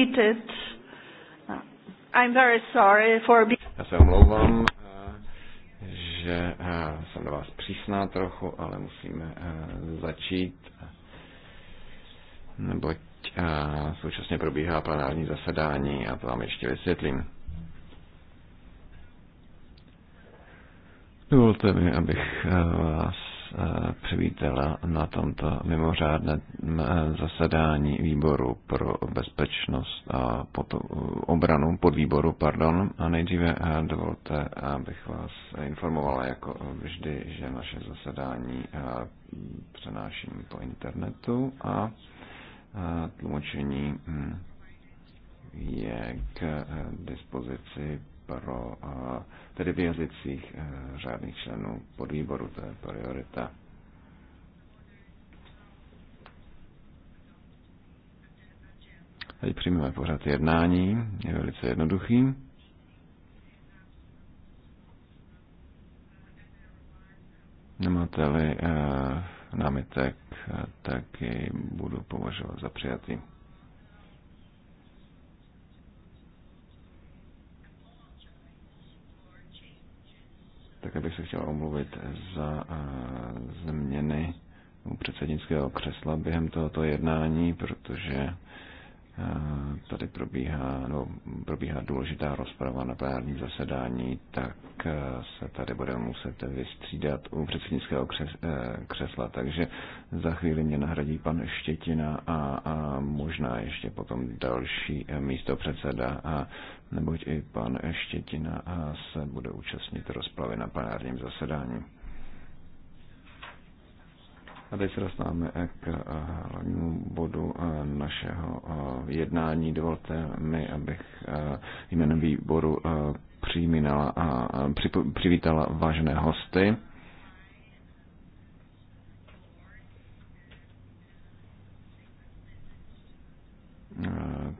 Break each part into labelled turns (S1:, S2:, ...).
S1: repeated. Uh, I'm very sorry for
S2: Já se omlouvám, uh, že uh, jsem na vás přísná trochu, ale musíme začít, neboť současně probíhá plenární zasedání a to vám ještě vysvětlím. Dovolte mi, abych vás přivítala na tomto mimořádném eh, zasedání výboru pro bezpečnost a obranu obranu, výboru, pardon. A nejdříve eh, dovolte, abych vás informovala jako vždy, že naše zasedání eh, přenáším po internetu a tlumočení hm, je k dispozici pro, tedy v e, řádných členů podvýboru, to je priorita. Teď přijmeme pořád jednání, je velice jednoduchý. Nemáte-li e, námitek, e, tak ji budu považovat za přijatý. Také bych se chtěl omluvit za eh, změny u předsednického křesla během tohoto jednání, protože Eh, tady probíhá, no, probíhá důležitá rozprava na plenárním zasedání, tak eh, se tady bude muset vystřídat u předsednického eh, křesla, takže za chvíli mě nahradí pan Štětina a, a možná ještě potom další místo předseda, a, neboť i pan Štětina se bude účastnit rozpravy na plenárním zasedání. A teď se dostáváme k eh, hlavnímu bodu eh, našeho eh, jednání. Dovolte mi, abych jménem výboru a přivítala vážené hosty.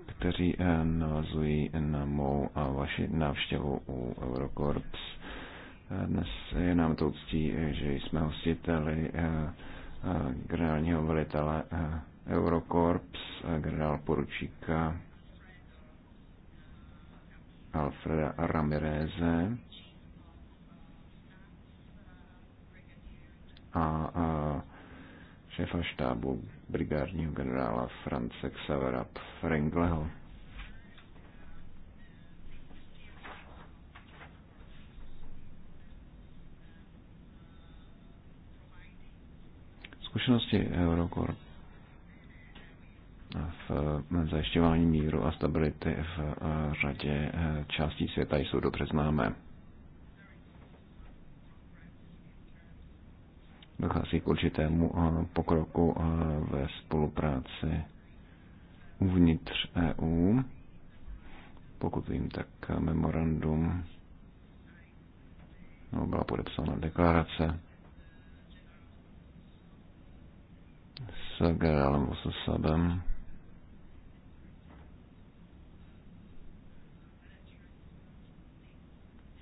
S2: kteří navazují na mou a vaši návštěvu u Eurocorps. Dnes je nám to ctí, že jsme hostiteli Eh, generálního velitele eh, Eurokorps, eh, generál poručíka Alfreda Ramireze a, a šéfa štábu brigádního generála France Xavera Frengleho. Zkušenosti Eurocore v zajišťování míru a stability v eh, řadě eh, částí světa jsou dobře známé. Dochází k určitému eh, pokroku ve spolupráci uvnitř EU. Pokud vím, tak memorandum no, byla podepsána deklarace Gerálem generálem Ososabem.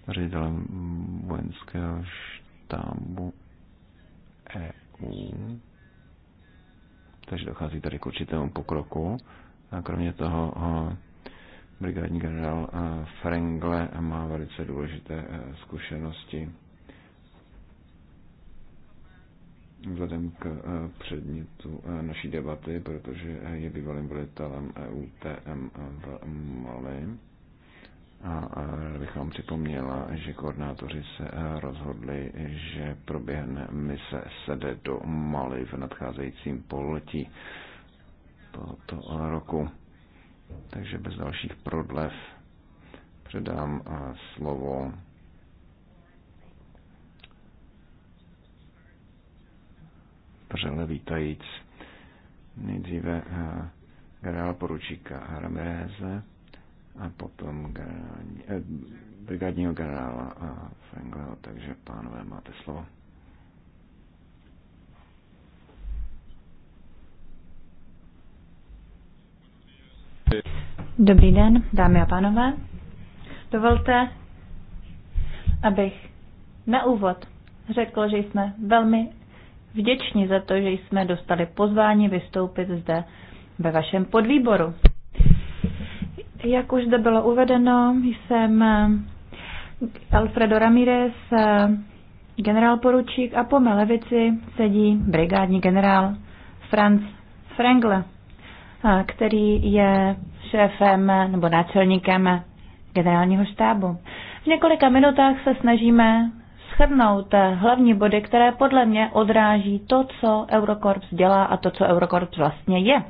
S2: ředitelem vojenského štábu EU. Takže dochází tady k určitému pokroku. A kromě toho eh, brigádní generál eh, Frengle má velice důležité eh, zkušenosti vzhledem k eh, předmětu eh, naší debaty, protože eh, je bývalým velitelem EUTM v Mali. A bych vám připomněla, že koordinátoři se rozhodli, že proběhne mise sede do Mali v nadcházejícím pololetí tohoto roku. Takže bez dalších prodlev předám slovo vřele vítajíc nejdříve eh, generál poručíka Ramireze a potom generální, eh, brigádního generála Fengleho, takže pánové, máte slovo.
S1: Dobrý den, dámy a pánové. Dovolte, abych na úvod řekl, že jsme velmi vděční za to, že jsme dostali pozvání vystoupit zde ve vašem podvýboru. Jak už zde bylo uvedeno, jsem Alfredo Ramírez, generál poručík a po mé levici sedí brigádní generál Franz Frengle, který je šéfem nebo náčelníkem generálního štábu. V několika minutách se snažíme schrnout eh, hlavní body, které podle mě odráží to, co Eurokorps dělá a to, co Eurokorps vlastně je.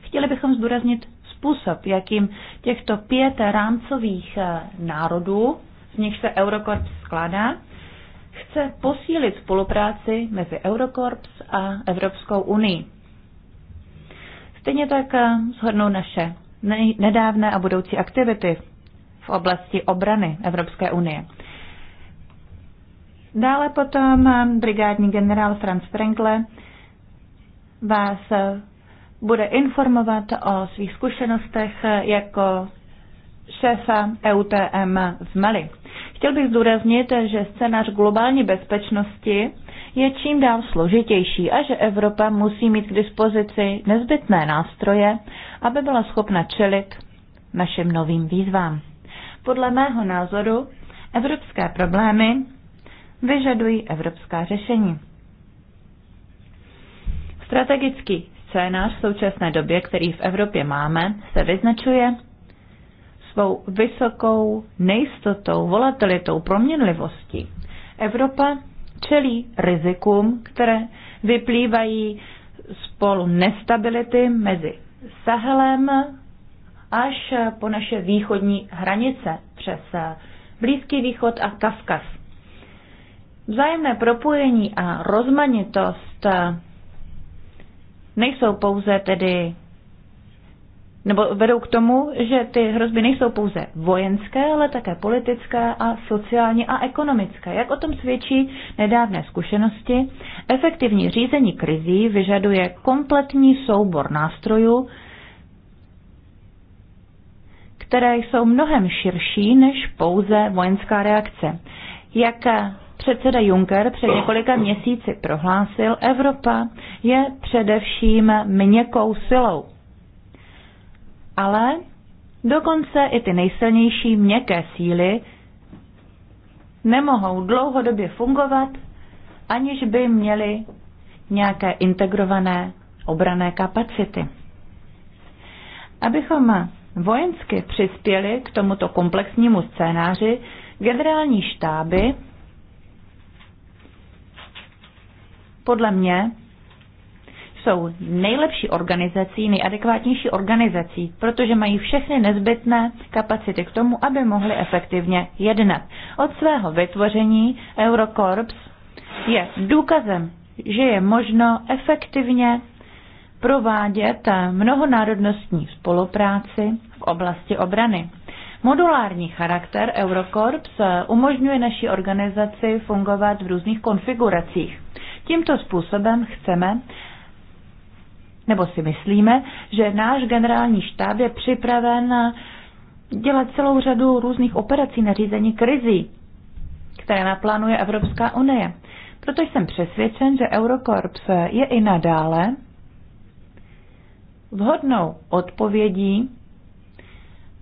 S1: Chtěli bychom zdůraznit způsob, jakým těchto pět rámcových eh, národů, z nich se Eurokorps skládá, chce posílit spolupráci mezi Eurokorps a Evropskou unii. Stejně tak eh, shodnou naše nedávné a budoucí aktivity v oblasti obrany Evropské unie. Dále potom eh, brigádní generál Franz Frengle vás eh, bude informovat o svých zkušenostech jako šéfa EUTM v Mali. Chtěl bych zdůraznit, že scénář globální bezpečnosti je čím dál složitější a že Evropa musí mít k dispozici nezbytné nástroje, aby byla schopna čelit našim novým výzvám. Podle mého názoru evropské problémy vyžadují evropská řešení. Strategický scénář v současné době, který v Evropě máme, se vyznačuje svou vysokou nejistotou, volatilitou, proměnlivostí. Evropa čelí rizikům, které vyplývají spolu nestability mezi Sahelem až po naše východní hranice přes Blízký východ a Kavkaz. Vzájemné propojení a rozmanitost eh, nejsou pouze tedy nebo vedou k tomu, že ty hrozby nejsou pouze vojenské, ale také politické a sociální a ekonomické. Jak o tom svědčí nedávné zkušenosti, efektivní řízení krizí vyžaduje kompletní soubor nástrojů, které jsou mnohem širší než pouze vojenská reakce. Jak eh, Předseda Juncker před několika měsíci prohlásil, Evropa je především měkkou silou. Ale dokonce i ty nejsilnější měkké síly nemohou dlouhodobě fungovat, aniž by měly nějaké integrované obrané kapacity. Abychom vojensky přispěli k tomuto komplexnímu scénáři, generální štáby podle mě jsou nejlepší organizací, nejadekvátnější organizací, protože mají všechny nezbytné kapacity k tomu, aby mohly efektivně jednat. Od svého vytvoření Eurocorps je důkazem, že je možno efektivně provádět mnohonárodnostní spolupráci v oblasti obrany. Modulární charakter Eurocorps umožňuje naší organizaci fungovat v různých konfiguracích. Tímto způsobem chceme, nebo si myslíme, že náš generální štáb je připraven dělat celou řadu různých operací na řízení krizí, které naplánuje Evropská unie. Proto jsem přesvědčen, že Eurokorps je i nadále vhodnou odpovědí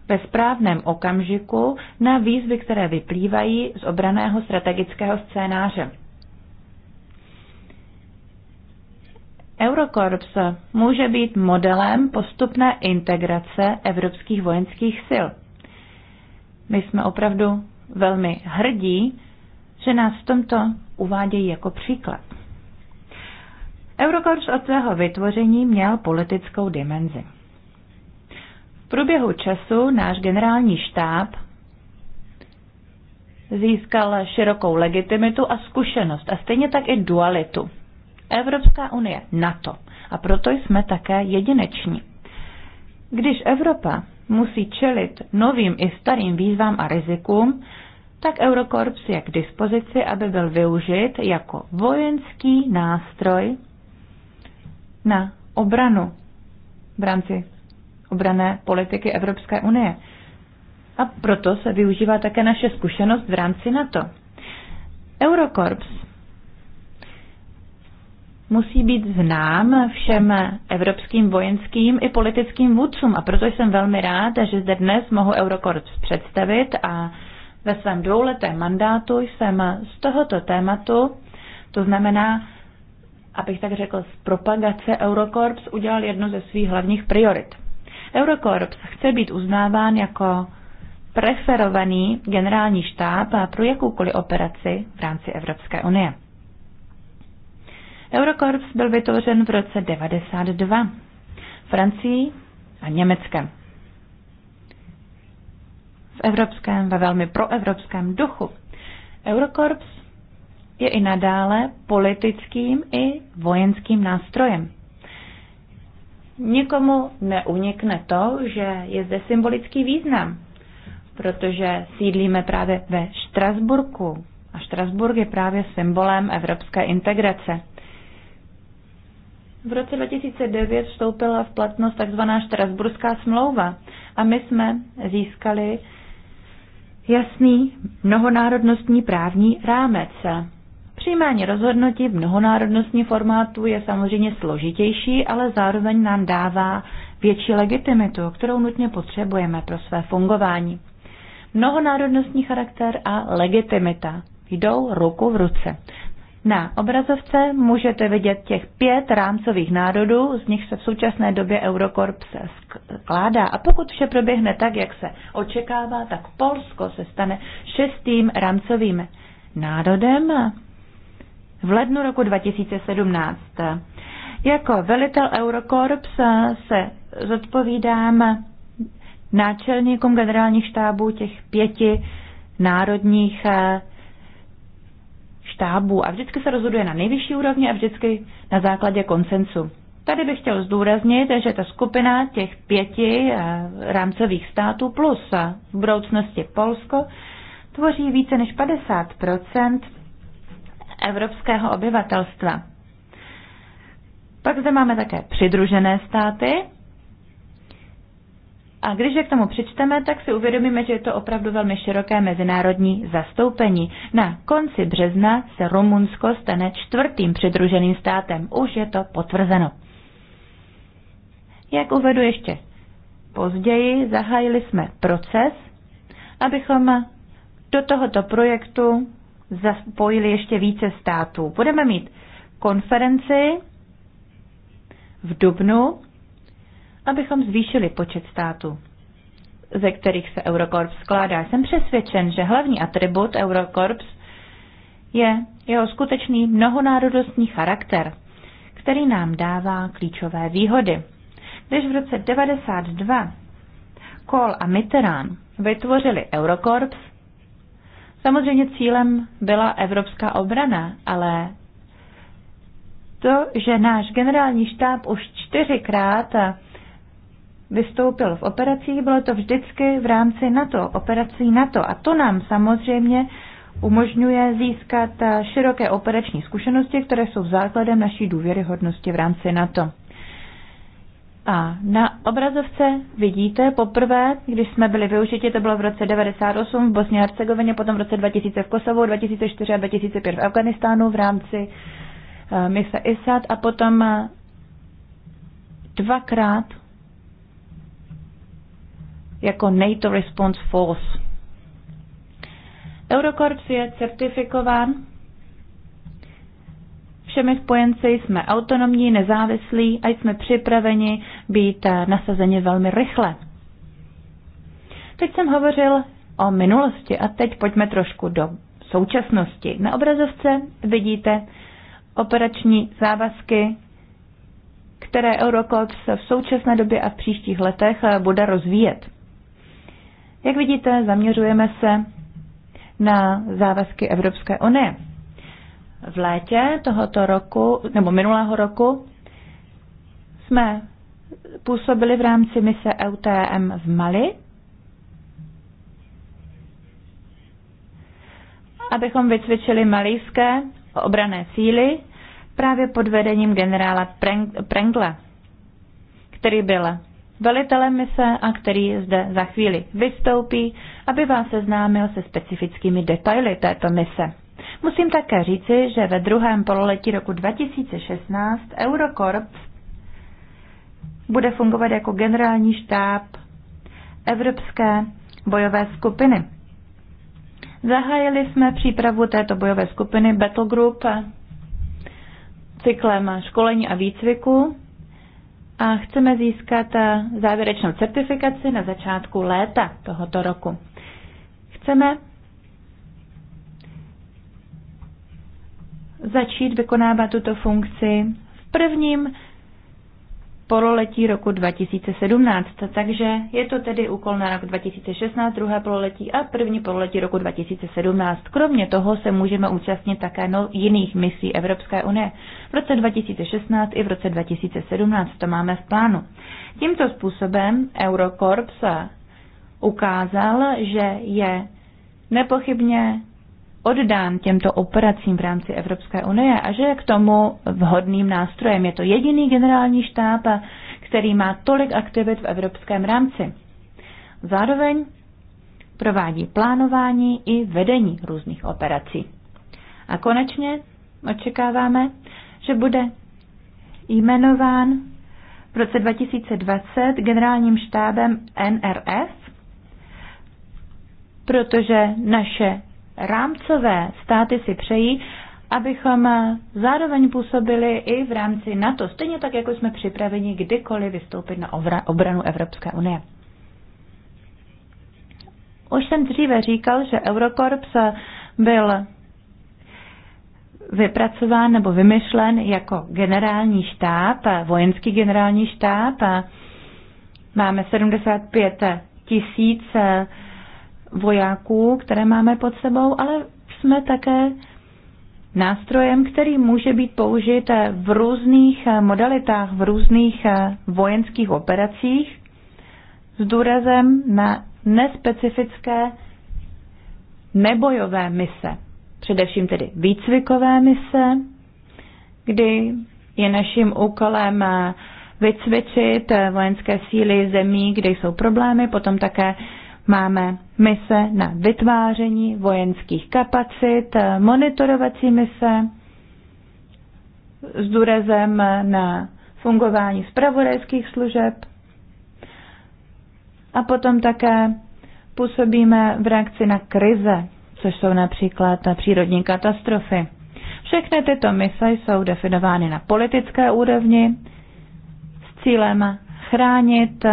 S1: ve správném okamžiku na výzvy, které vyplývají z obraného strategického scénáře. Eurokorps může být modelem postupné integrace evropských vojenských sil. My jsme opravdu velmi hrdí, že nás v tomto uvádějí jako příklad. Eurokorps od svého vytvoření měl politickou dimenzi. V průběhu času náš generální štáb získal širokou legitimitu a zkušenost a stejně tak i dualitu. Evropská unie, NATO. A proto jsme také jedineční. Když Evropa musí čelit novým i starým výzvám a rizikům, tak Eurokorps je k dispozici, aby byl využit jako vojenský nástroj na obranu v rámci obrané politiky Evropské unie. A proto se využívá také naše zkušenost v rámci NATO. Eurokorps musí být znám všem evropským vojenským i politickým vůdcům. A proto jsem velmi rád, že zde dnes mohu Eurokorps představit a ve svém dvouletém mandátu jsem z tohoto tématu, to znamená, abych tak řekl, z propagace Eurokorps udělal jednu ze svých hlavních priorit. Eurokorps chce být uznáván jako preferovaný generální štáb pro jakoukoliv operaci v rámci Evropské unie. Eurokorps byl vytvořen v roce 92 Francii a Německem. V evropském, ve velmi proevropském duchu. Eurokorps je i nadále politickým i vojenským nástrojem. Nikomu neunikne to, že je zde symbolický význam, protože sídlíme právě ve Štrasburku a Štrasburg je právě symbolem evropské integrace. V roce 2009 vstoupila v platnost tzv. Štrasburská smlouva a my jsme získali jasný mnohonárodnostní právní rámec. Přijímání rozhodnutí v mnohonárodnostní formátu je samozřejmě složitější, ale zároveň nám dává větší legitimitu, kterou nutně potřebujeme pro své fungování. Mnohonárodnostní charakter a legitimita jdou ruku v ruce. Na obrazovce můžete vidět těch pět rámcových národů, z nich se v současné době Eurokorps skládá. A pokud vše proběhne tak, jak se očekává, tak Polsko se stane šestým rámcovým národem v lednu roku 2017. Jako velitel Eurokorps se zodpovídám náčelníkům generálních štábů těch pěti národních štábů a vždycky se rozhoduje na nejvyšší úrovni a vždycky na základě konsensu. Tady bych chtěl zdůraznit, že ta skupina těch pěti eh, rámcových států plus eh, v budoucnosti Polsko tvoří více než 50 evropského obyvatelstva. Pak zde máme také přidružené státy, a když je k tomu přičteme, tak si uvědomíme, že je to opravdu velmi široké mezinárodní zastoupení. Na konci března se Rumunsko stane čtvrtým přidruženým státem. Už je to potvrzeno. Jak uvedu ještě později, zahájili jsme proces, abychom do tohoto projektu zapojili ještě více států. Budeme mít konferenci v Dubnu abychom zvýšili počet států, ze kterých se Eurokorps skládá. Jsem přesvědčen, že hlavní atribut Eurokorps je jeho skutečný mnohonárodnostní charakter, který nám dává klíčové výhody. Když v roce 92 Kohl a Mitterrand vytvořili Eurokorps, samozřejmě cílem byla evropská obrana, ale to, že náš generální štáb už čtyřikrát vystoupil v operacích, bylo to vždycky v rámci NATO, operací NATO. A to nám samozřejmě umožňuje získat eh, široké operační zkušenosti, které jsou základem naší důvěryhodnosti v rámci NATO. A na obrazovce vidíte poprvé, když jsme byli využiti, to bylo v roce 98 v Bosně a Hercegovině, potom v roce 2000 v Kosovu, 2004 a 2005 v Afganistánu v rámci eh, mise ISAT a potom eh, dvakrát jako NATO Response Force. Eurokorps je certifikován. Všemi spojenci jsme autonomní, nezávislí a jsme připraveni být eh, nasazeni velmi rychle. Teď jsem hovořil o minulosti a teď pojďme trošku do současnosti. Na obrazovce vidíte operační závazky, které Eurocorps v současné době a v příštích letech eh, bude rozvíjet. Jak vidíte, zaměřujeme se na závazky Evropské unie. V létě tohoto roku, nebo minulého roku, jsme působili v rámci mise EUTM v Mali, abychom vycvičili malijské obrané síly právě pod vedením generála Prengla, který byl velitelem mise a který zde za chvíli vystoupí, aby vás seznámil se specifickými detaily této mise. Musím také říci, že ve druhém pololetí roku 2016 Eurokorps bude fungovat jako generální štáb Evropské bojové skupiny. Zahájili jsme přípravu této bojové skupiny Battle Group cyklem školení a výcviku a chceme získat eh, závěrečnou certifikaci na začátku léta tohoto roku. Chceme začít vykonávat tuto funkci v prvním pololetí roku 2017. Takže je to tedy úkol na rok 2016, druhé pololetí a první pololetí roku 2017. Kromě toho se můžeme účastnit také no jiných misí Evropské unie. V roce 2016 i v roce 2017 to máme v plánu. Tímto způsobem Eurocorps ukázal, že je nepochybně oddán těmto operacím v rámci Evropské unie a že je k tomu vhodným nástrojem. Je to jediný generální štáb, který má tolik aktivit v evropském rámci. Zároveň provádí plánování i vedení různých operací. A konečně očekáváme, že bude jmenován v roce 2020 generálním štábem NRF, protože naše rámcové státy si přejí, abychom zároveň působili i v rámci NATO, stejně tak, jako jsme připraveni kdykoliv vystoupit na obranu Evropské unie. Už jsem dříve říkal, že Eurokorps byl vypracován nebo vymyšlen jako generální štáb, vojenský generální štáb. Máme 75 tisíc vojáků, které máme pod sebou, ale jsme také nástrojem, který může být použit v různých modalitách, v různých vojenských operacích s důrazem na nespecifické nebojové mise, především tedy výcvikové mise, kdy je naším úkolem eh, vycvičit eh, vojenské síly zemí, kde jsou problémy, potom také Máme mise na vytváření vojenských kapacit, monitorovací mise s důrazem na fungování zpravodajských služeb a potom také působíme v reakci na krize, což jsou například přírodní katastrofy. Všechny tyto mise jsou definovány na politické úrovni s cílem chránit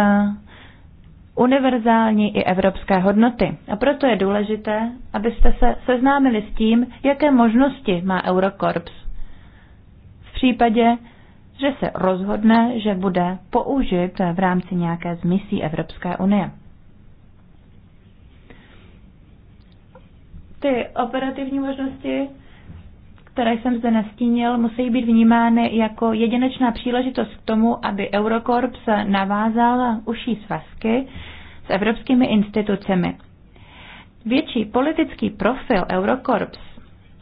S1: univerzální i evropské hodnoty. A proto je důležité, abyste se seznámili s tím, jaké možnosti má Eurokorps. V případě, že se rozhodne, že bude použit v rámci nějaké z misí Evropské unie. Ty operativní možnosti které jsem zde nastínil, musí být vnímány jako jedinečná příležitost k tomu, aby se navázal uší svazky s evropskými institucemi. Větší politický profil Eurokorps,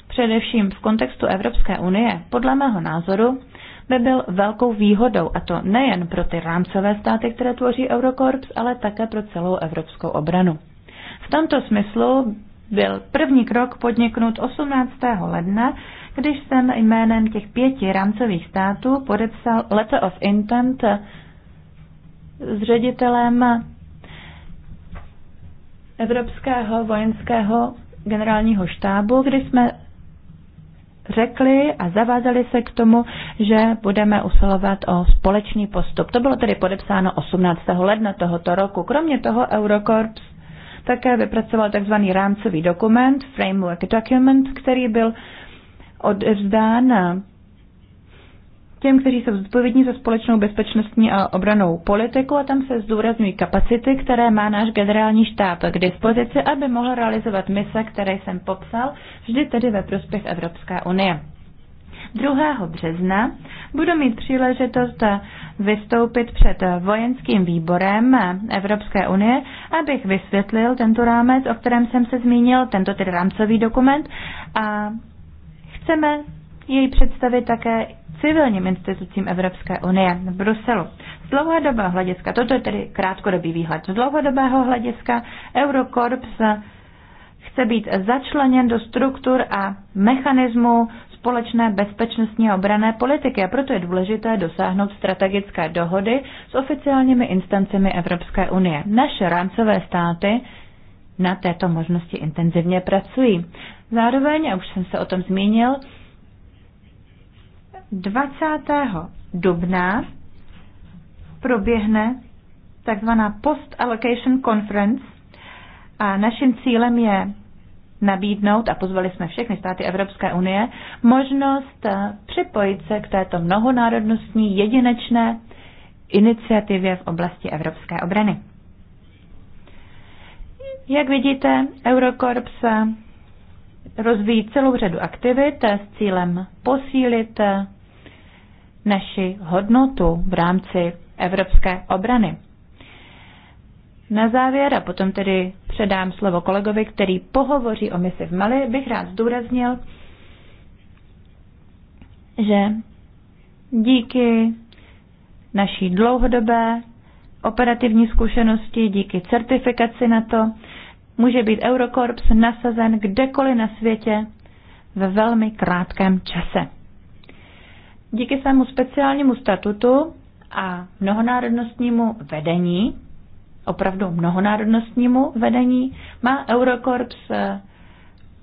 S1: především v kontextu Evropské unie, podle mého názoru, by byl velkou výhodou, a to nejen pro ty rámcové státy, které tvoří Eurokorps, ale také pro celou evropskou obranu. V tomto smyslu byl první krok podniknut 18. ledna když jsem jménem těch pěti rámcových států podepsal Letter of Intent eh, s ředitelem eh, Evropského vojenského generálního štábu, kdy jsme řekli a zavázali se k tomu, že budeme usilovat o společný postup. To bylo tedy podepsáno 18. ledna tohoto roku. Kromě toho Eurocorps také vypracoval tzv. rámcový dokument, framework document, který byl odevzdána těm, kteří jsou zodpovědní za společnou bezpečnostní a obranou politiku a tam se zdůrazňují kapacity, které má náš generální štáb k dispozici, aby mohl realizovat mise, které jsem popsal, vždy tedy ve prospěch Evropské unie. 2. března budu mít příležitost vystoupit před vojenským výborem Evropské unie, abych vysvětlil tento rámec, o kterém jsem se zmínil, tento tedy rámcový dokument a Chceme jej představit také civilním institucím Evropské unie v Bruselu. Z dlouhodobého hlediska, toto je tedy krátkodobý výhled, z dlouhodobého hlediska Eurokorps chce být začleněn do struktur a mechanismů společné bezpečnostní a obrané politiky a proto je důležité dosáhnout strategické dohody s oficiálními instancemi Evropské unie. Naše rámcové státy na této možnosti intenzivně pracují. Zároveň, a už jsem se o tom zmínil, 20. dubna proběhne takzvaná Post Allocation Conference a naším cílem je nabídnout, a pozvali jsme všechny státy Evropské unie, možnost eh, připojit se k této mnohonárodnostní jedinečné iniciativě v oblasti evropské obrany. Jak vidíte, Eurokorps rozvíjí celou řadu aktivit s cílem posílit naši hodnotu v rámci evropské obrany. Na závěr, a potom tedy předám slovo kolegovi, který pohovoří o misi v Mali, bych rád zdůraznil, že díky naší dlouhodobé operativní zkušenosti, díky certifikaci na to, může být Eurokorps nasazen kdekoliv na světě ve velmi krátkém čase. Díky svému speciálnímu statutu a mnohonárodnostnímu vedení, opravdu mnohonárodnostnímu vedení, má Eurokorps eh,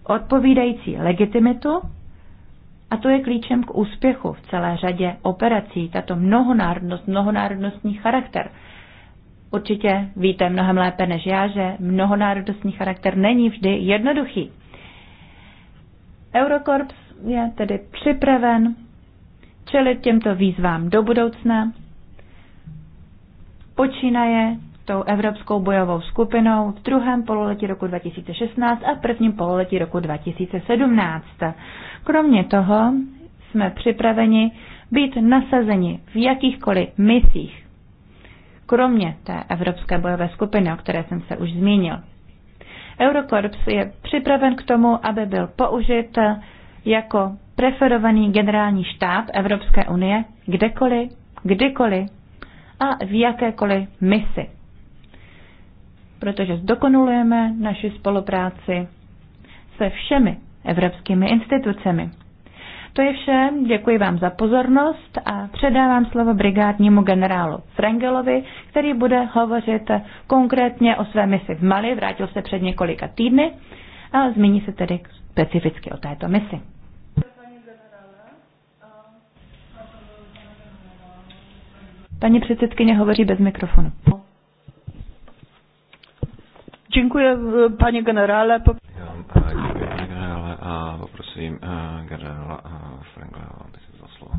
S1: odpovídající legitimitu a to je klíčem k úspěchu v celé řadě operací, tato mnohonárodnost, mnohonárodnostní charakter – Určitě víte mnohem lépe než já, že mnohonárodnostní charakter není vždy jednoduchý. Eurokorps je tedy připraven čelit těmto výzvám do budoucna. Počínaje tou Evropskou bojovou skupinou v druhém pololetí roku 2016 a prvním pololetí roku 2017. Kromě toho jsme připraveni být nasazeni v jakýchkoliv misích, kromě té Evropské bojové skupiny, o které jsem se už zmínil. Eurokorps je připraven k tomu, aby byl použit jako preferovaný generální štáb Evropské unie kdekoliv, kdykoliv a v jakékoliv misi. Protože zdokonulujeme naši spolupráci se všemi evropskými institucemi. To je vše, děkuji vám za pozornost a předávám slovo brigádnímu generálu Frangelovi, který bude hovořit konkrétně o své misi v Mali, vrátil se před několika týdny a zmíní se tedy specificky o této misi. Paní předsedkyně hovoří bez mikrofonu. Děkuji, paní generále
S2: poprosím uh, eh, generála uh, eh, Frankla, aby se vzal slovo.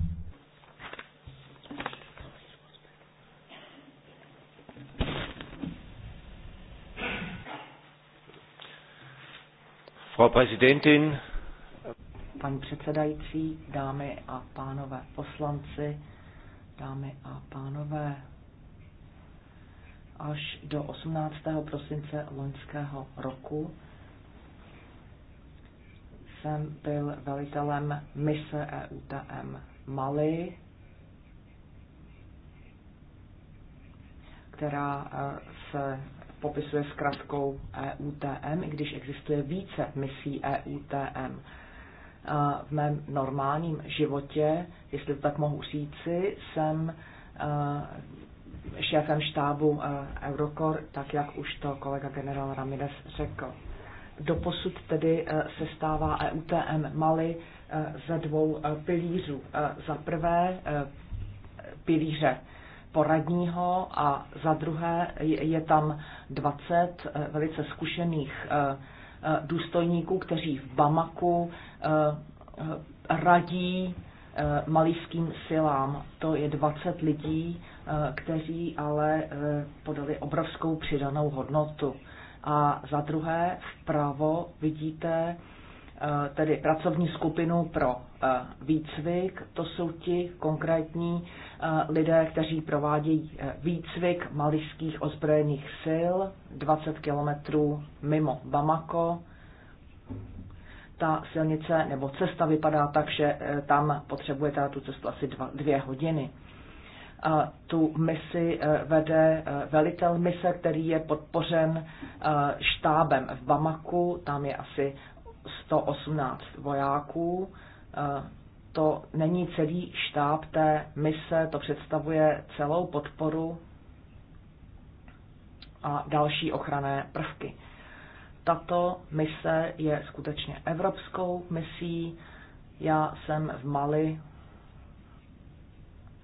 S2: Frau Präsidentin.
S3: Pan předsedající, dámy a pánové poslanci, dámy a pánové, až do 18. prosince loňského roku jsem byl velitelem mise EUTM Mali, která eh, se popisuje zkratkou EUTM, i když existuje více misí EUTM. Eh, v mém normálním životě, jestli to tak mohu říci, jsem eh, šéfem štábu Eurocor, tak jak už to kolega generál Ramirez řekl. Doposud tedy eh, se stává EUTM Mali eh, ze dvou eh, pilířů. Za prvé pilíře poradního a za druhé je tam 20 velice zkušených důstojníků, kteří v Bamaku radí malýským silám. To je 20 lidí, kteří ale podali obrovskou přidanou hodnotu. A za druhé vpravo vidíte eh, tedy pracovní skupinu pro eh, výcvik. To jsou ti konkrétní eh, lidé, kteří provádějí výcvik malijských ozbrojených sil 20 kilometrů mimo Bamako. Ta silnice nebo cesta vypadá tak, že tam potřebujete tu cestu asi dva, dvě hodiny tu misi eh, vede eh, velitel mise, který je podpořen eh, štábem v Bamaku, tam je asi 118 vojáků. To není celý štáb té mise, to představuje celou podporu a další ochranné prvky. Tato mise je skutečně evropskou misí. Já jsem v Mali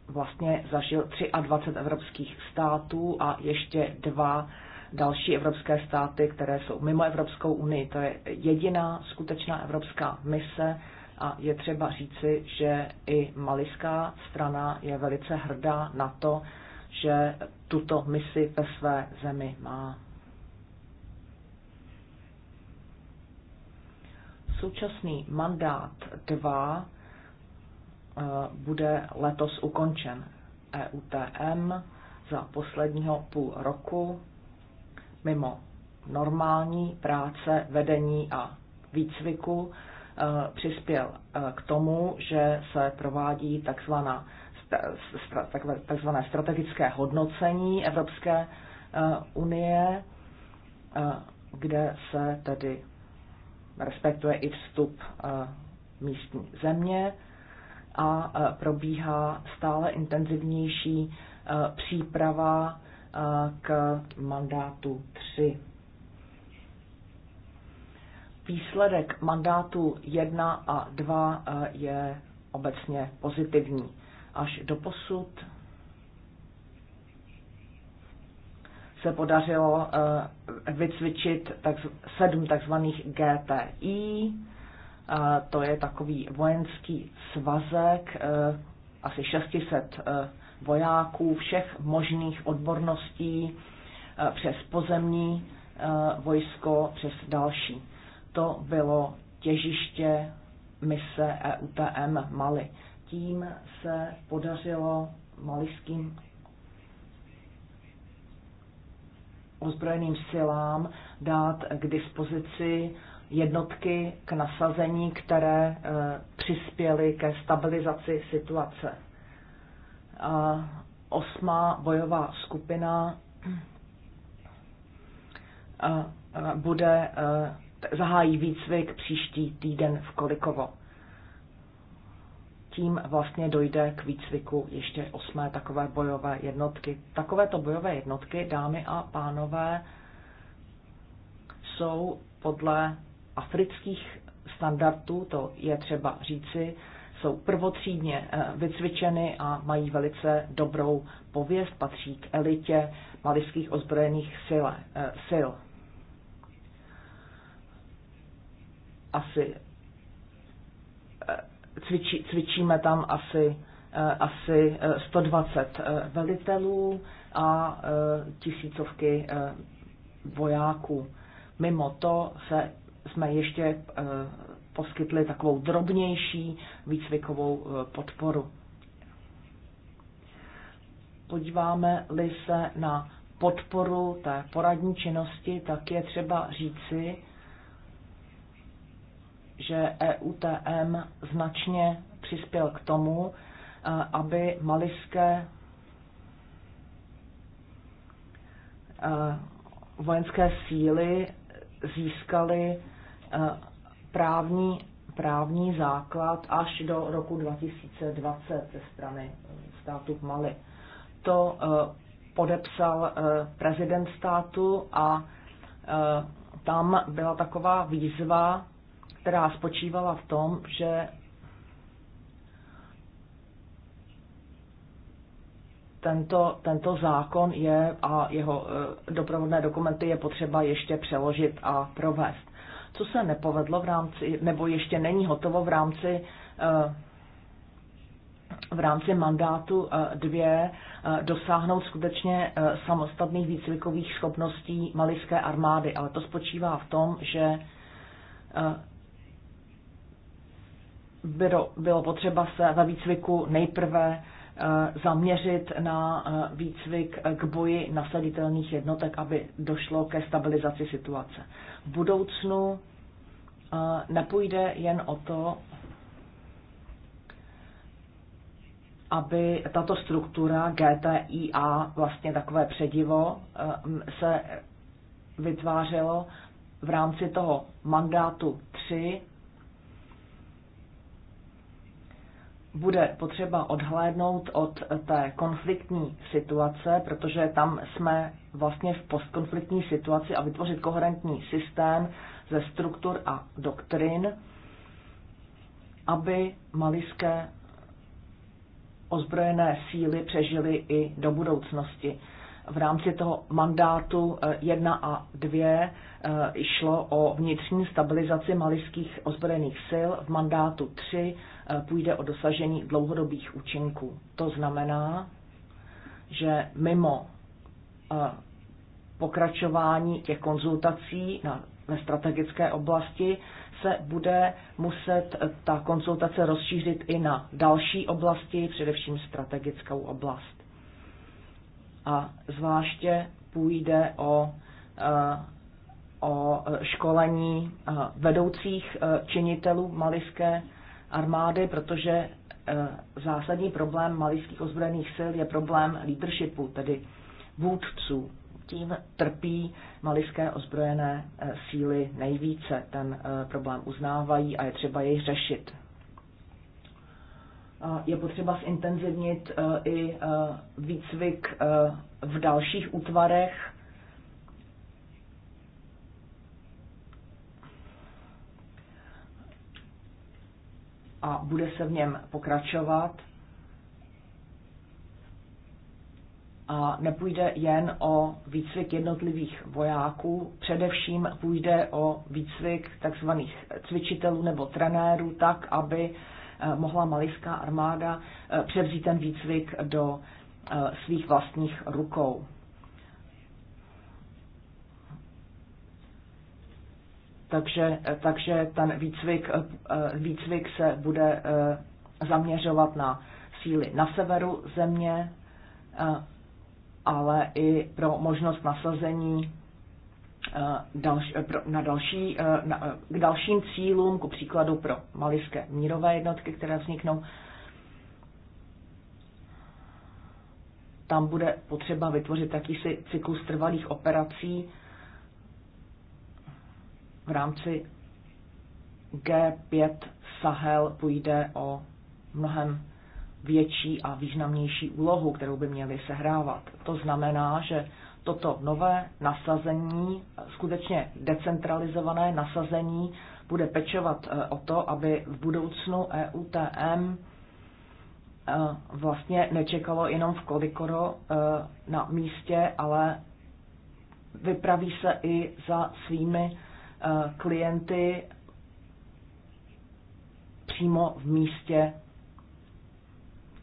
S3: vlastně zažil 23 evropských států a ještě dva další evropské státy, které jsou mimo Evropskou unii. To je jediná skutečná evropská mise a je třeba říci, že i maliská strana je velice hrdá na to, že tuto misi ve své zemi má. Současný mandát 2 Eh, bude letos ukončen. EUTM za posledního půl roku mimo normální práce, vedení a výcviku eh, přispěl eh, k tomu, že se provádí takzvaná, takzvané strategické hodnocení Evropské unie, kde se tedy respektuje i vstup místní země a e, probíhá stále intenzivnější e, příprava e, k mandátu 3. Výsledek mandátu 1 a 2 je obecně pozitivní. Až do posud se podařilo vycvičit sedm takzvaných GTI, to je takový vojenský svazek eh, asi 600 eh, vojáků všech možných odborností eh, přes pozemní vojsko, přes další. To bylo těžiště mise EUTM Mali. Tím se podařilo malickým ozbrojeným silám dát k dispozici jednotky k nasazení, které eh, přispěly ke stabilizaci situace. Osmá bojová skupina eh, bude eh, zahájí výcvik příští týden v Kolikovo. Tím vlastně dojde k výcviku ještě osmé takové bojové jednotky. Takovéto bojové jednotky, dámy a pánové, jsou podle afrických standardů, to je třeba říci, jsou prvotřídně eh, vycvičeny a mají velice dobrou pověst, patří k elitě malických ozbrojených sile, eh, sil. Asi eh, cvičí, cvičíme tam asi, asi 120 velitelů a tisícovky vojáků. Mimo to se jsme ještě eh, poskytli takovou drobnější výcvikovou eh, podporu. Podíváme-li se na podporu té poradní činnosti, tak je třeba říci, že EUTM značně přispěl k tomu, eh, aby maliské vojenské síly získaly Eh, právní, právní základ až do roku 2020 ze strany státu Mali. To eh, podepsal eh, prezident státu a tam byla taková výzva, která spočívala v tom, že tento, tento zákon je a jeho doprovodné dokumenty je potřeba ještě přeložit a provést co se nepovedlo v rámci, nebo ještě není hotovo v rámci eh, v rámci mandátu eh, dvě eh, dosáhnout skutečně samostatných výcvikových schopností malické armády, ale to spočívá v tom, že bylo, bylo potřeba se ve výcviku nejprve zaměřit na výcvik k boji nasaditelných jednotek, aby došlo ke stabilizaci situace. V budoucnu nepůjde jen o to, aby tato struktura GTIA, vlastně takové předivo, eh, se vytvářelo v rámci toho mandátu 3. Bude potřeba odhlédnout od té konfliktní situace, protože tam jsme vlastně v postkonfliktní situaci a vytvořit koherentní systém, ze struktur a doktrin, aby malijské ozbrojené síly přežily i do budoucnosti. V rámci toho mandátu 1 eh, a 2 eh, šlo o vnitřní stabilizaci malijských ozbrojených sil, v mandátu 3 eh, půjde o dosažení dlouhodobých účinků. To znamená, že mimo pokračování těch konzultací na ve strategické oblasti, se bude muset ta konzultace rozšířit i na další oblasti, především strategickou oblast. A zvláště půjde o, eh, o školení eh, vedoucích eh, činitelů malijské armády, protože zásadní problém malijských ozbrojených sil je problém leadershipu, tedy vůdců tím trpí maliské ozbrojené eh, síly nejvíce. Ten eh, problém uznávají a je třeba jej řešit. Je potřeba zintenzivnit eh, i výcvik v dalších útvarech. A bude se v něm pokračovat A nepůjde jen o výcvik jednotlivých vojáků, především půjde o výcvik tzv. cvičitelů nebo trenérů, tak, aby eh, mohla malijská armáda eh, převzít ten výcvik do eh, svých vlastních rukou. Takže, takže ten výcvik, výcvik se bude zaměřovat na síly na severu země, ale i pro možnost nasazení eh, eh, na další, eh, na, k dalším cílům, ku příkladu pro malijské mírové jednotky, které vzniknou. Tam bude potřeba vytvořit jakýsi cyklus trvalých operací v rámci G5 Sahel půjde o mnohem větší a významnější úlohu, kterou by měly sehrávat. To znamená, že toto nové nasazení, skutečně decentralizované nasazení, bude pečovat eh, o to, aby v budoucnu EUTM eh, vlastně nečekalo jenom v Kolikoro eh, na místě, ale vypraví se i za svými klienty přímo v místě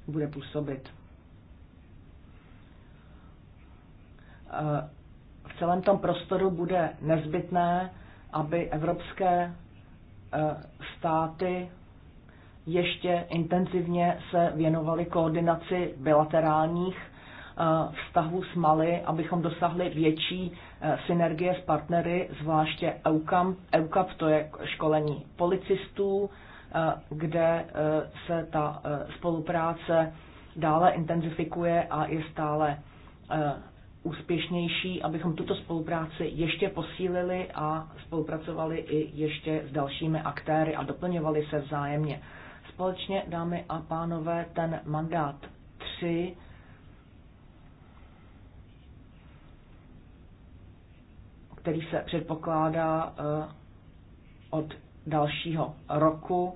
S3: bude působit. Eh, v celém tom prostoru bude nezbytné, aby evropské eh, státy ještě intenzivně se věnovaly koordinaci bilaterálních eh, vztahů s Mali, abychom dosahli větší synergie s partnery, zvláště EUCAP, EUCAP to je školení policistů, Eh, kde eh, se ta eh, spolupráce dále intenzifikuje a je stále úspěšnější, abychom tuto spolupráci ještě posílili a spolupracovali i ještě s dalšími aktéry a doplňovali se vzájemně. Společně, dámy a pánové, ten mandát 3 který se předpokládá od dalšího roku,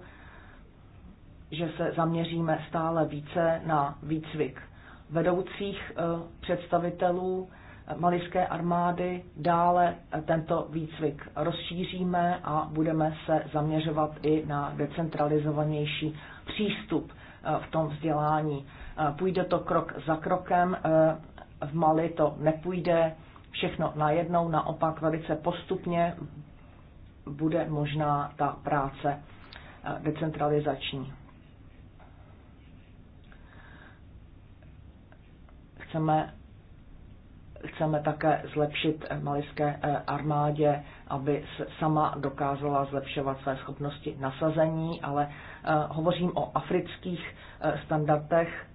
S3: že se zaměříme stále více na výcvik vedoucích eh, představitelů eh, malijské armády. Dále eh, tento výcvik rozšíříme a budeme se zaměřovat i na decentralizovanější přístup v tom vzdělání. Půjde to krok za krokem, v Mali to nepůjde všechno najednou, naopak velice postupně bude možná ta práce eh, decentralizační. Chceme, chceme také zlepšit eh, malické eh, armádě, aby sama dokázala zlepšovat své schopnosti nasazení, ale hovořím o afrických standardech,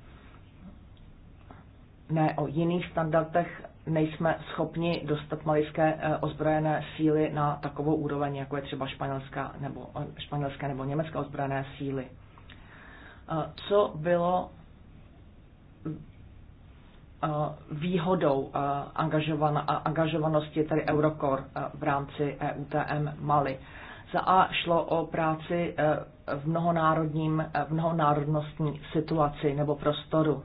S3: ne o jiných standardech nejsme schopni dostat malijské eh, ozbrojené síly na takovou úroveň, jako je třeba španělská nebo, eh, španělské nebo německé ozbrojené síly. Eh, co bylo výhodou angažovanosti tedy Eurocor v rámci EUTM Mali? Za A šlo o práci v, mnohonárodním, v mnohonárodnostní situaci nebo prostoru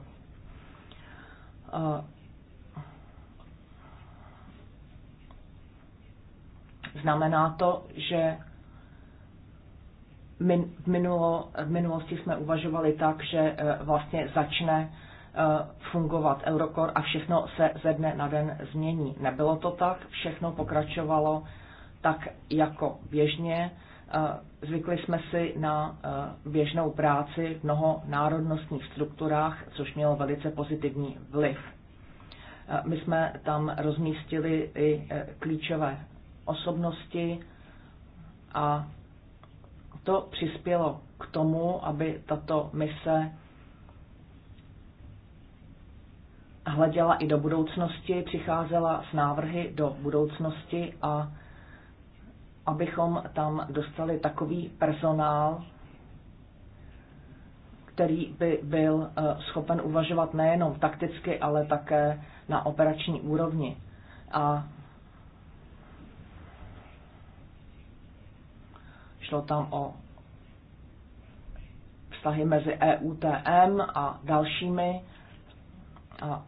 S3: Znamená to, že v, minulo, v minulosti jsme uvažovali tak, že eh, vlastně začne eh, fungovat Eurokor a všechno se ze dne na den změní. Nebylo to tak, všechno pokračovalo tak jako běžně. Eh, zvykli jsme si na běžnou práci v mnoho národnostních strukturách, což mělo velice pozitivní vliv. My jsme tam rozmístili i klíčové osobnosti a to přispělo k tomu, aby tato mise hleděla i do budoucnosti, přicházela s návrhy do budoucnosti a abychom tam dostali takový personál, který by byl eh, schopen uvažovat nejenom takticky, ale také na operační úrovni. A Šlo tam o vztahy mezi EUTM a dalšími. A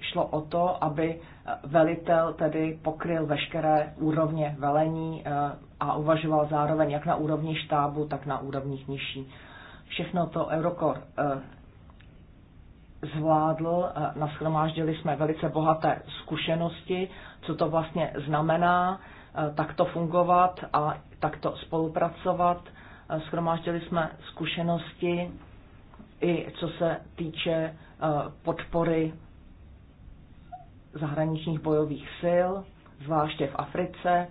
S3: šlo o to, aby velitel tedy pokryl veškeré úrovně velení e, a uvažoval zároveň jak na úrovni štábu, tak na úrovních nižší. Všechno to Eurokor e, zvládl, e, nashromáždili jsme velice bohaté zkušenosti, co to vlastně znamená, Eh, takto fungovat a takto spolupracovat. Eh, Schromáždili jsme zkušenosti i co se týče eh, podpory zahraničních bojových sil, zvláště v Africe.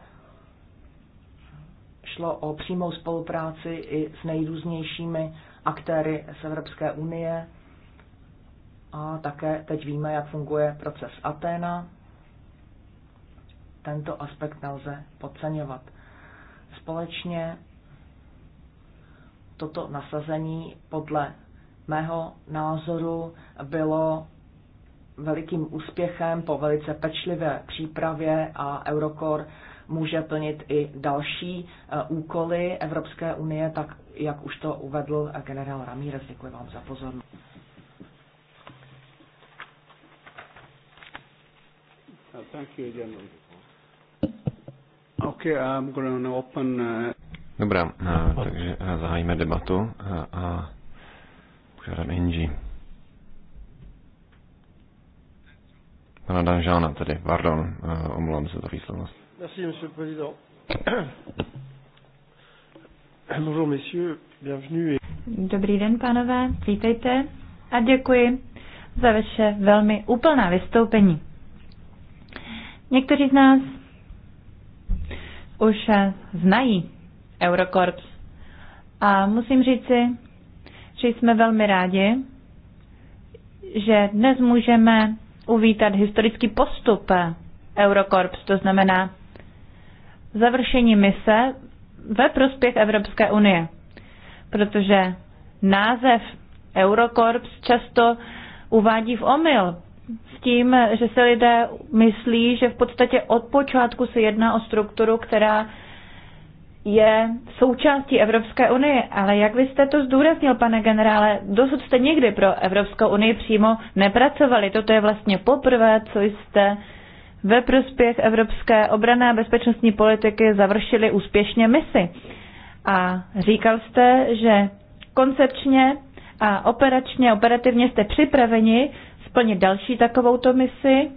S3: Šlo o přímou spolupráci i s nejrůznějšími aktéry z Evropské unie. A také teď víme, jak funguje proces Atena. Tento aspekt nelze podceňovat. Společně toto nasazení podle mého názoru bylo velikým úspěchem po velice pečlivé přípravě a Eurokor může plnit i další e, úkoly Evropské unie, tak jak už to uvedl generál Ramírez. Děkuji vám za pozornost.
S2: Uh, thank you, General. Okay, I'm gonna open, uh... Dobrá, a, uh, takže a uh, zahájíme debatu uh, a, a požádám Inži. Pana Danžána tedy, pardon, omlouvám se za výslovnost. Merci, monsieur
S1: le président. Bonjour, messieurs, bienvenue. Dobrý den, pánové, vítejte a děkuji za vaše velmi úplná vystoupení. Někteří z nás už eh, znají Eurokorps. A musím říci, že jsme velmi rádi, že dnes můžeme uvítat historický postup eh, Eurokorps, to znamená završení mise ve prospěch Evropské unie. Protože název Eurokorps často uvádí v omyl, s tím, že se lidé myslí, že v podstatě od počátku se jedná o strukturu, která je součástí Evropské unie, ale jak vy jste to zdůraznil, pane generále, dosud jste nikdy pro Evropskou unii přímo nepracovali. Toto je vlastně poprvé, co jste ve prospěch evropské obrané a bezpečnostní politiky završili úspěšně misi. A říkal jste, že koncepčně a operačně, operativně jste připraveni splnit další takovouto misi,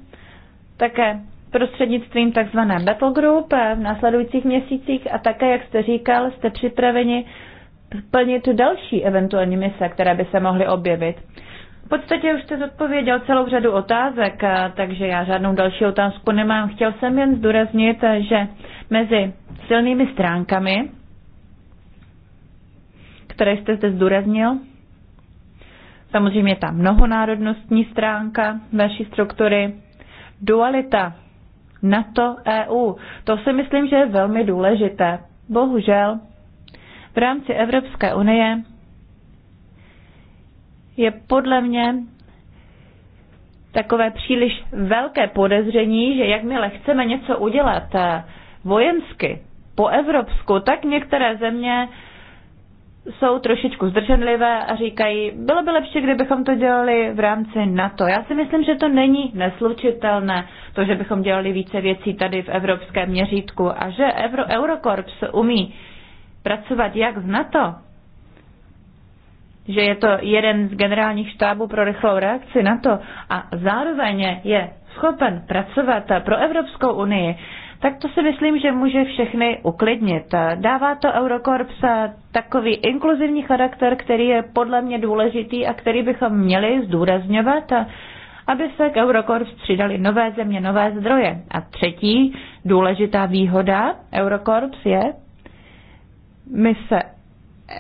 S1: také prostřednictvím tzv. Battle Group v následujících měsících a také, jak jste říkal, jste připraveni plnit další eventuální mise, které by se mohly objevit. V podstatě už jste zodpověděl celou řadu otázek, takže já žádnou další otázku nemám. Chtěl jsem jen zdůraznit, že mezi silnými stránkami, které jste zde zdůraznil, Samozřejmě ta mnohonárodnostní stránka vaší struktury, dualita NATO-EU. To si myslím, že je velmi důležité. Bohužel v rámci Evropské unie je podle mě takové příliš velké podezření, že jakmile chceme něco udělat eh, vojensky po Evropsku, tak některé země jsou trošičku zdrženlivé a říkají, bylo by lepší, kdybychom to dělali v rámci NATO. Já si myslím, že to není neslučitelné, to, že bychom dělali více věcí tady v evropském měřítku a že Euro, Eurokorps umí pracovat jak v NATO, že je to jeden z generálních štábů pro rychlou reakci na to a zároveň je schopen pracovat pro Evropskou unii tak to si myslím, že může všechny uklidnit. Dává to Eurokorps takový inkluzivní charakter, který je podle mě důležitý a který bychom měli zdůrazňovat, aby se k Eurokorps přidali nové země, nové zdroje. A třetí důležitá výhoda Eurokorps je mise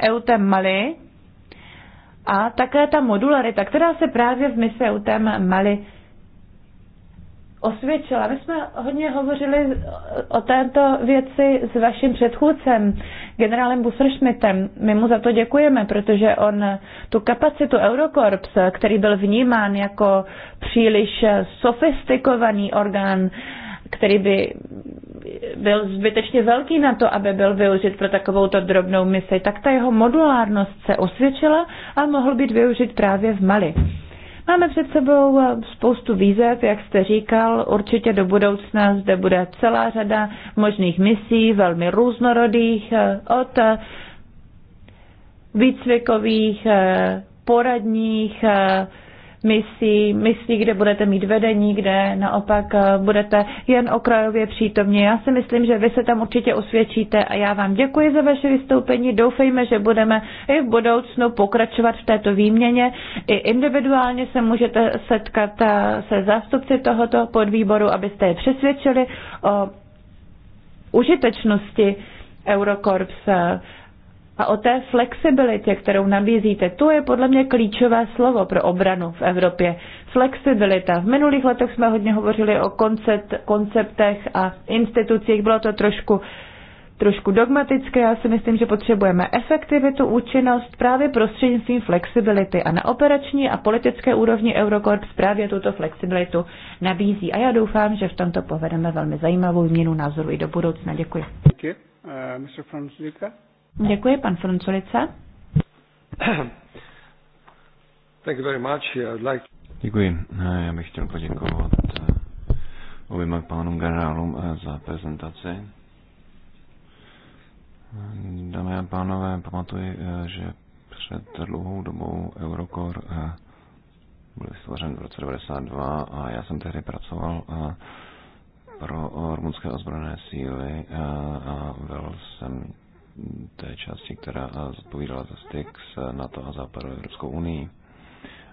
S1: Eutem Mali a také ta modularita, která se právě v mise Eutem Mali osvědčila. My jsme hodně hovořili o této věci s vaším předchůdcem, generálem Busserschmittem. My mu za to děkujeme, protože on tu kapacitu Eurokorps, který byl vnímán jako příliš sofistikovaný orgán, který by byl zbytečně velký na to, aby byl využit pro takovouto drobnou misi, tak ta jeho modulárnost se osvědčila a mohl být využit právě v Mali. Máme před sebou eh, spoustu výzev, jak jste říkal, určitě do budoucna zde bude celá řada možných misí, velmi různorodých, eh, od eh, výcvikových, poradních, misí, misí, kde budete mít vedení, kde naopak eh, budete jen okrajově přítomně. Já si myslím, že vy se tam určitě osvědčíte a já vám děkuji za vaše vystoupení. Doufejme, že budeme i v budoucnu pokračovat v této výměně. I individuálně se můžete setkat eh, se zástupci tohoto podvýboru, abyste je přesvědčili o užitečnosti Eurocorps a o té flexibilitě, kterou nabízíte. To je podle mě klíčové slovo pro obranu v Evropě. Flexibilita. V minulých letech jsme hodně hovořili o koncept, konceptech a institucích. Bylo to trošku trošku dogmatické. Já si myslím, že potřebujeme efektivitu, účinnost právě prostřednictvím flexibility a na operační a politické úrovni Eurocorps právě tuto flexibilitu nabízí. A já doufám, že v tomto povedeme velmi zajímavou změnu názoru i do budoucna. Děkuji.
S2: Děkuji. Uh, eh, Mr.
S1: Děkuji, pan Frunculica.
S2: Thank you very much. like... Děkuji. Eh, já bych chtěl poděkovat eh, oběma pánům generálům eh, za prezentaci. Dámy a pánové, pamatuji, že před dlouhou dobou Eurokor byl stvořen v roce 92 a já jsem tehdy pracoval pro rumunské ozbrojené síly a, vel jsem té části, která eh, zodpovídala za styk s NATO a Západu Evropskou unii.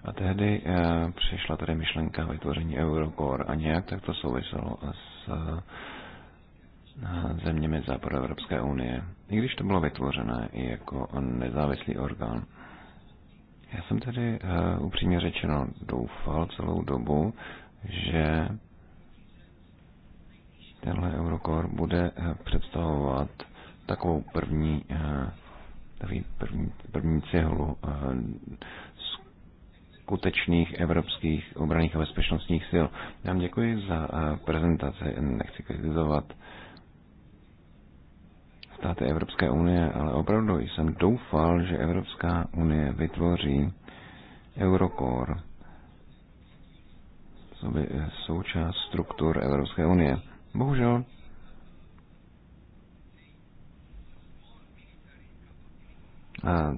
S2: A tehdy eh, přišla tady myšlenka vytvoření eurokor a nějak tak to souviselo s eh, zeměmi Západu Evropské unie, i když to bylo vytvořené i jako nezávislý orgán. Já jsem tedy upřímně řečeno doufal celou dobu, že tenhle eurokor bude představovat takovou první, eh, takový první, první cihlu eh, skutečných evropských obraných a bezpečnostních sil. Já vám děkuji za eh, prezentaci, nechci kritizovat státy Evropské unie, ale opravdu jsem doufal, že Evropská unie vytvoří Eurokor, součást struktur Evropské unie. Bohužel Eh,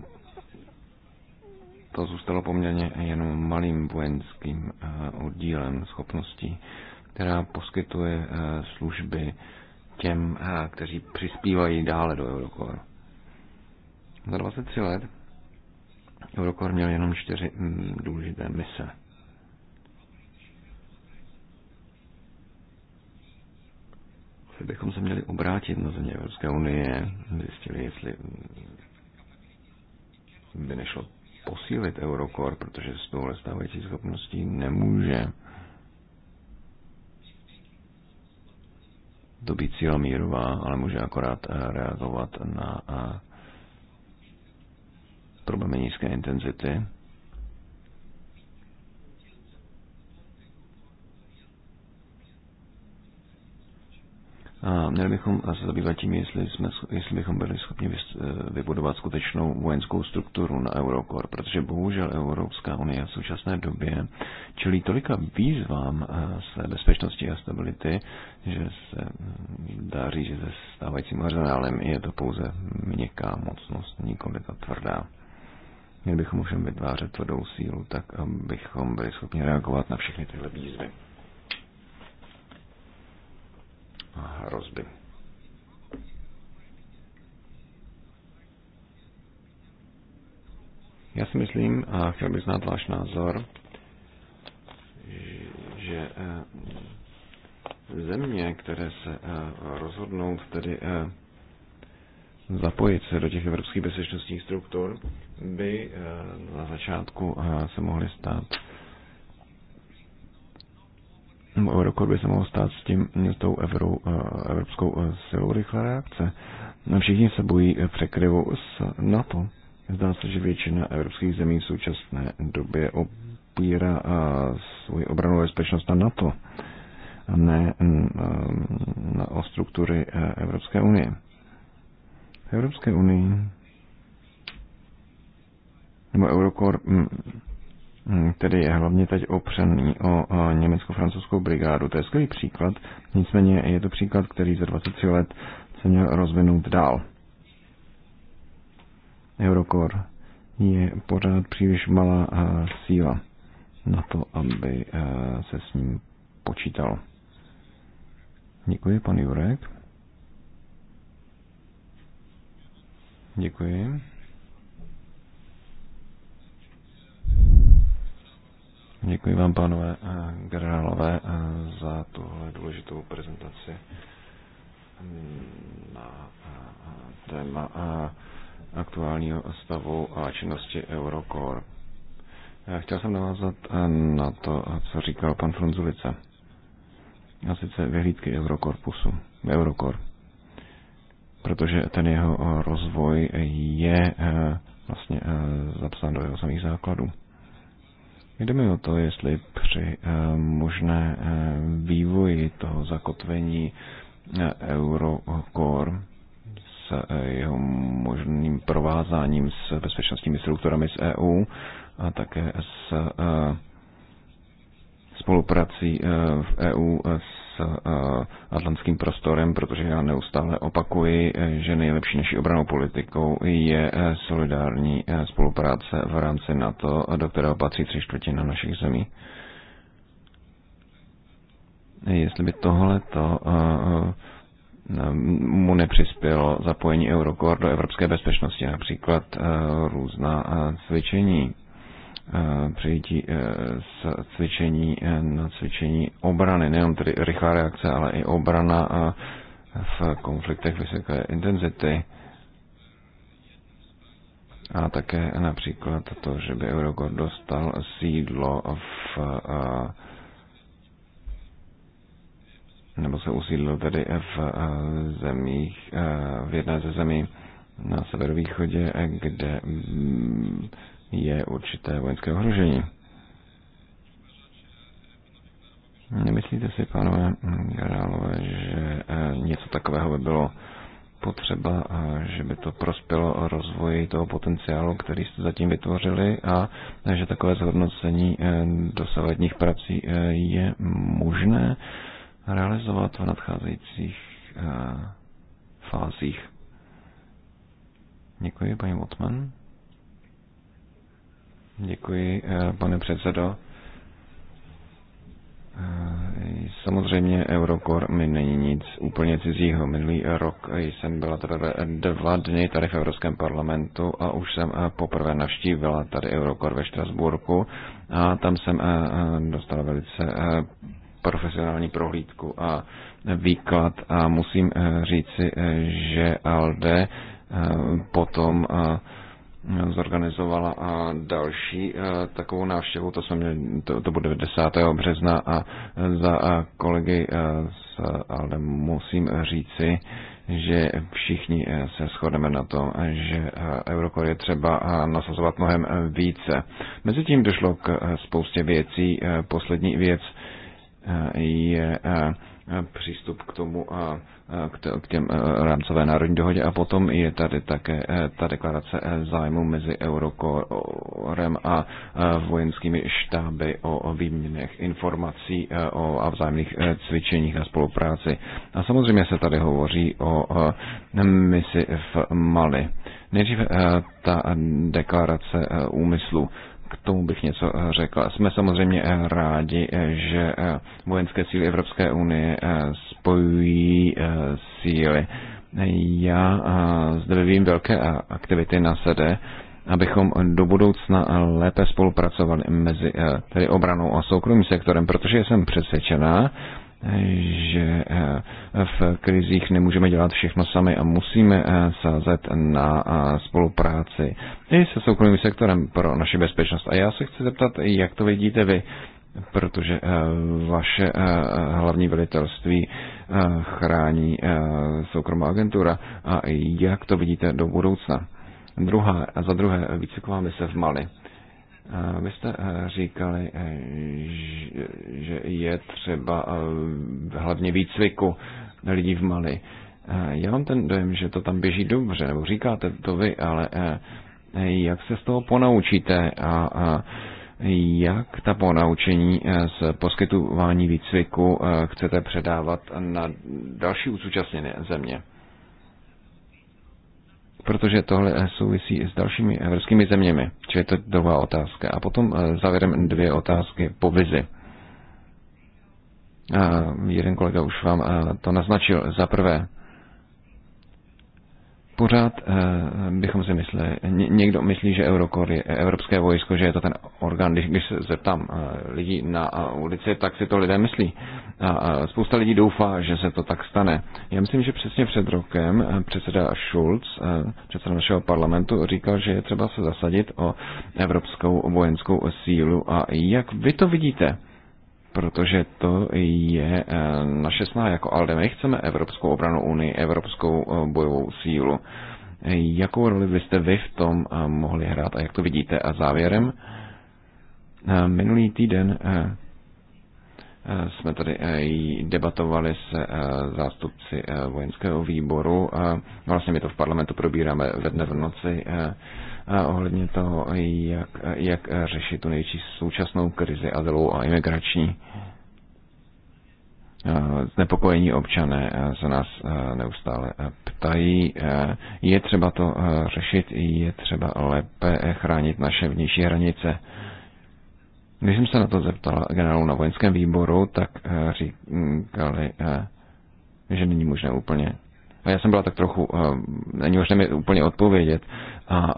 S2: to zůstalo poměrně jenom malým vojenským eh, oddílem schopností, která poskytuje eh, služby těm, kteří přispívají dále do Eurocore. Za 23 let Eurocore měl jenom čtyři hm, důležité mise. Kdybychom se měli obrátit na země Evropské unie, zjistili, jestli by nešlo posílit Eurocore, protože s touhle stávající schopností nemůže to být síla mírová, ale může akorát eh, reagovat na eh, problémy nízké intenzity A měli bychom se zabývat tím, jestli, jsme, jestli bychom byli schopni eh, vybudovat skutečnou vojenskou strukturu na Eurokor, protože bohužel Evropská unie v současné době čelí tolika výzvám eh, své bezpečnosti a stability, že se hm, dá říct, že se stávajícím arzenálem je to pouze měkká mocnost, nikoli ta tvrdá. Měli bychom ovšem vytvářet tvrdou sílu tak, abychom byli schopni reagovat na všechny tyhle výzvy a hrozby. Já si myslím, a chtěl bych znát váš názor, že eh, země, které se eh, rozhodnou tedy eh, zapojit se do těch evropských bezpečnostních struktur, by na začátku se mohly stát Eurokor by se mohl stát s tím, s tou evrou, eh, evropskou eh, silou rychlé reakce. No, všichni se bojí eh, překryvu s NATO. Zdá se, že většina evropských zemí v současné době opírá svoji obranu bezpečnost na NATO a ne mm, na, o struktury Evropské unie. Evropské unii nebo Eurokor mm, Hmm, tedy je hlavně teď opřený o německo-francouzskou brigádu. To je skvělý příklad, nicméně je to příklad, který za 23 let se měl rozvinout dál. Eurokor je pořád příliš malá eh, síla na to, aby eh, se s ním počítalo. Děkuji, pan Jurek. Děkuji. Děkuji vám, pánové eh, generálové, eh, za tuhle důležitou prezentaci na eh, téma aktuálního stavu a činnosti Eurocore. Chtěl jsem navázat na to, co říkal pan Frunzulice. A sice vyhlídky Eurokorpusu, Eurokor. Protože ten jeho rozvoj je vlastně zapsán do jeho samých základů. Jde mi o to, jestli při eh, možné eh, vývoji toho zakotvení eh, Eurocore s jeho možným provázáním s bezpečnostními strukturami z EU a také s spoluprací v EU s s eh, atlantským prostorem, protože já neustále opakuji, eh, že nejlepší naší obranou politikou je eh, solidární spolupráce v rámci NATO, do kterého patří tři čtvrtina našich zemí. Jestli by tohle to mu nepřispělo zapojení Eurocore do evropské bezpečnosti, například různá cvičení Eh, přejítí z eh, cvičení eh, na cvičení obrany, nejenom tedy rychlá reakce, ale i obrana v konfliktech vysoké intenzity. A také například to, že by Eurogor dostal sídlo v nebo se usídlil tedy v zemích, v jedné ze zemí na severovýchodě, kde mm, je určité vojenské ohrožení. Nemyslíte si, pánové generálové, že eh, něco takového by bylo potřeba a eh, že by to prospělo rozvoji toho potenciálu, který jste zatím vytvořili a že takové zhodnocení eh, dosavadních prací je možné realizovat v nadcházejících fázích. Děkuji, paní Votman. Děkuji, eh, pane předsedo. Eh, samozřejmě Eurokor mi není nic úplně cizího. Minulý rok jsem byla tady dva dny tady v Evropském parlamentu a už jsem eh, poprvé navštívila tady Eurokor ve Štrasburku a tam jsem dostala velice profesionální prohlídku a výklad a musím říci, že ALDE potom zorganizovala a další e, takovou návštěvu, to, jsme měli, to, to bude 10. března a za a e, kolegy s e, Aldem musím říci, že všichni se shodeme na tom, že Eurokor je třeba nasazovat mnohem více. Mezitím došlo k spoustě věcí. Poslední věc je Eh, přístup k tomu a eh, eh, k těm rámcové národní dohodě a potom je tady také ta deklarace zájmu mezi Eurokorem a vojenskými štáby o výměnech informací o a vzájemných cvičeních a spolupráci. A samozřejmě se tady hovoří o misi v Mali. Nejdřív ta deklarace úmyslu k tomu bych něco eh, řekla. Jsme samozřejmě eh, rádi, eh, že vojenské síly Evropské unie spojují síly. Já zde vím velké aktivity na sede, abychom do budoucna lépe spolupracovali mezi tedy obranou a soukromým sektorem, protože jsem přesvědčená, že eh, v krizích nemůžeme dělat všechno sami a musíme eh, sázet na eh, spolupráci i se soukromým sektorem pro naši bezpečnost. A já se chci zeptat, jak to vidíte vy, protože vaše hlavní velitelství chrání soukromá agentura a jak to vidíte do budoucna. Druhá, a za druhé, vám se v Mali vy jste eh, říkali, eh, že je třeba eh, hlavně výcviku lidí v Mali. Já mám ten dojem, že to tam běží dobře, nebo říkáte to vy, ale jak se z toho ponaučíte a jak ta ponaučení z poskytování výcviku chcete předávat na další zúčastněné země? protože tohle souvisí s dalšími evropskými zeměmi. Čili je to druhá otázka. A potom eh, závěrem dvě otázky po vizi. A eh, jeden kolega už vám eh, to naznačil. Za prvé, pořád eh, bychom si mysleli, někdo myslí, že Eurokor je evropské vojsko, že je to ten orgán, když, když se zeptám eh, lidí na eh, ulici, tak si to lidé myslí. A spousta lidí doufá, že se to tak stane. Já myslím, že přesně před rokem předseda Schulz, předseda našeho parlamentu, říkal, že je třeba se zasadit o evropskou vojenskou sílu. A jak vy to vidíte? protože to je eh, naše snaha jako ALDE. My chceme Evropskou obranu unii, Evropskou eh, bojovou sílu. Jakou roli byste vy v tom eh, mohli hrát a jak to vidíte? A závěrem, minulý týden Eh, jsme tady eh, debatovali s eh, zástupci vojenského výboru. Vlastně my to v parlamentu probíráme ve dne v noci ohledně toho, jak, jak řešit tu největší současnou krizi azylovou a imigrační. Znepokojení občané se nás neustále ptají. Je třeba to řešit, je třeba lépe chránit naše vnější hranice když jsem se na to zeptal generálu na vojenském výboru, tak eh, říkali, eh, že není možné úplně. A já jsem byla tak trochu, eh, není možné mi úplně odpovědět, a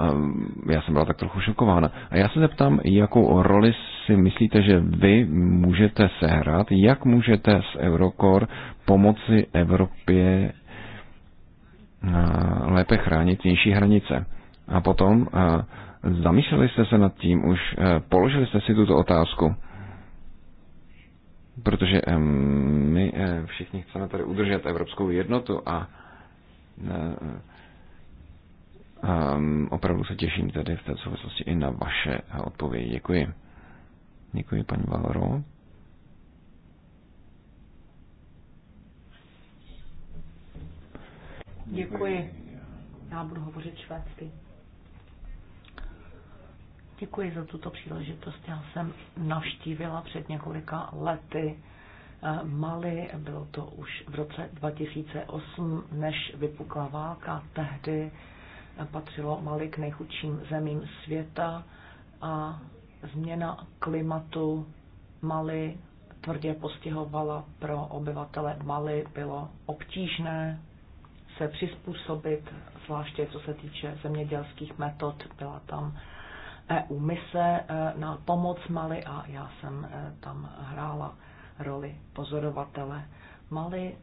S2: já jsem byla tak trochu šokována. A já se zeptám, jakou roli si myslíte, že vy můžete sehrát, jak můžete z Eurokor pomoci Evropě lépe chránit vnější hranice. A potom Zamýšleli jste se nad tím už? Eh, položili jste si tuto otázku? Protože my eh, všichni chceme tady udržet evropskou jednotu a eh, opravdu se těším tady v té souvislosti i na vaše odpovědi. Děkuji. Děkuji, paní Valoro.
S3: Děkuji. Já budu hovořit švédsky. Děkuji za tuto příležitost. Já jsem navštívila před několika lety eh, Mali, bylo to už v roce 2008, než vypukla válka. Tehdy eh, patřilo Mali k nejchudším zemím světa a změna klimatu Mali tvrdě postihovala pro obyvatele Mali. Bylo obtížné se přizpůsobit, zvláště co se týče zemědělských metod. Byla tam EU mise e, na pomoc Mali a já jsem e, tam hrála roli pozorovatele. Mali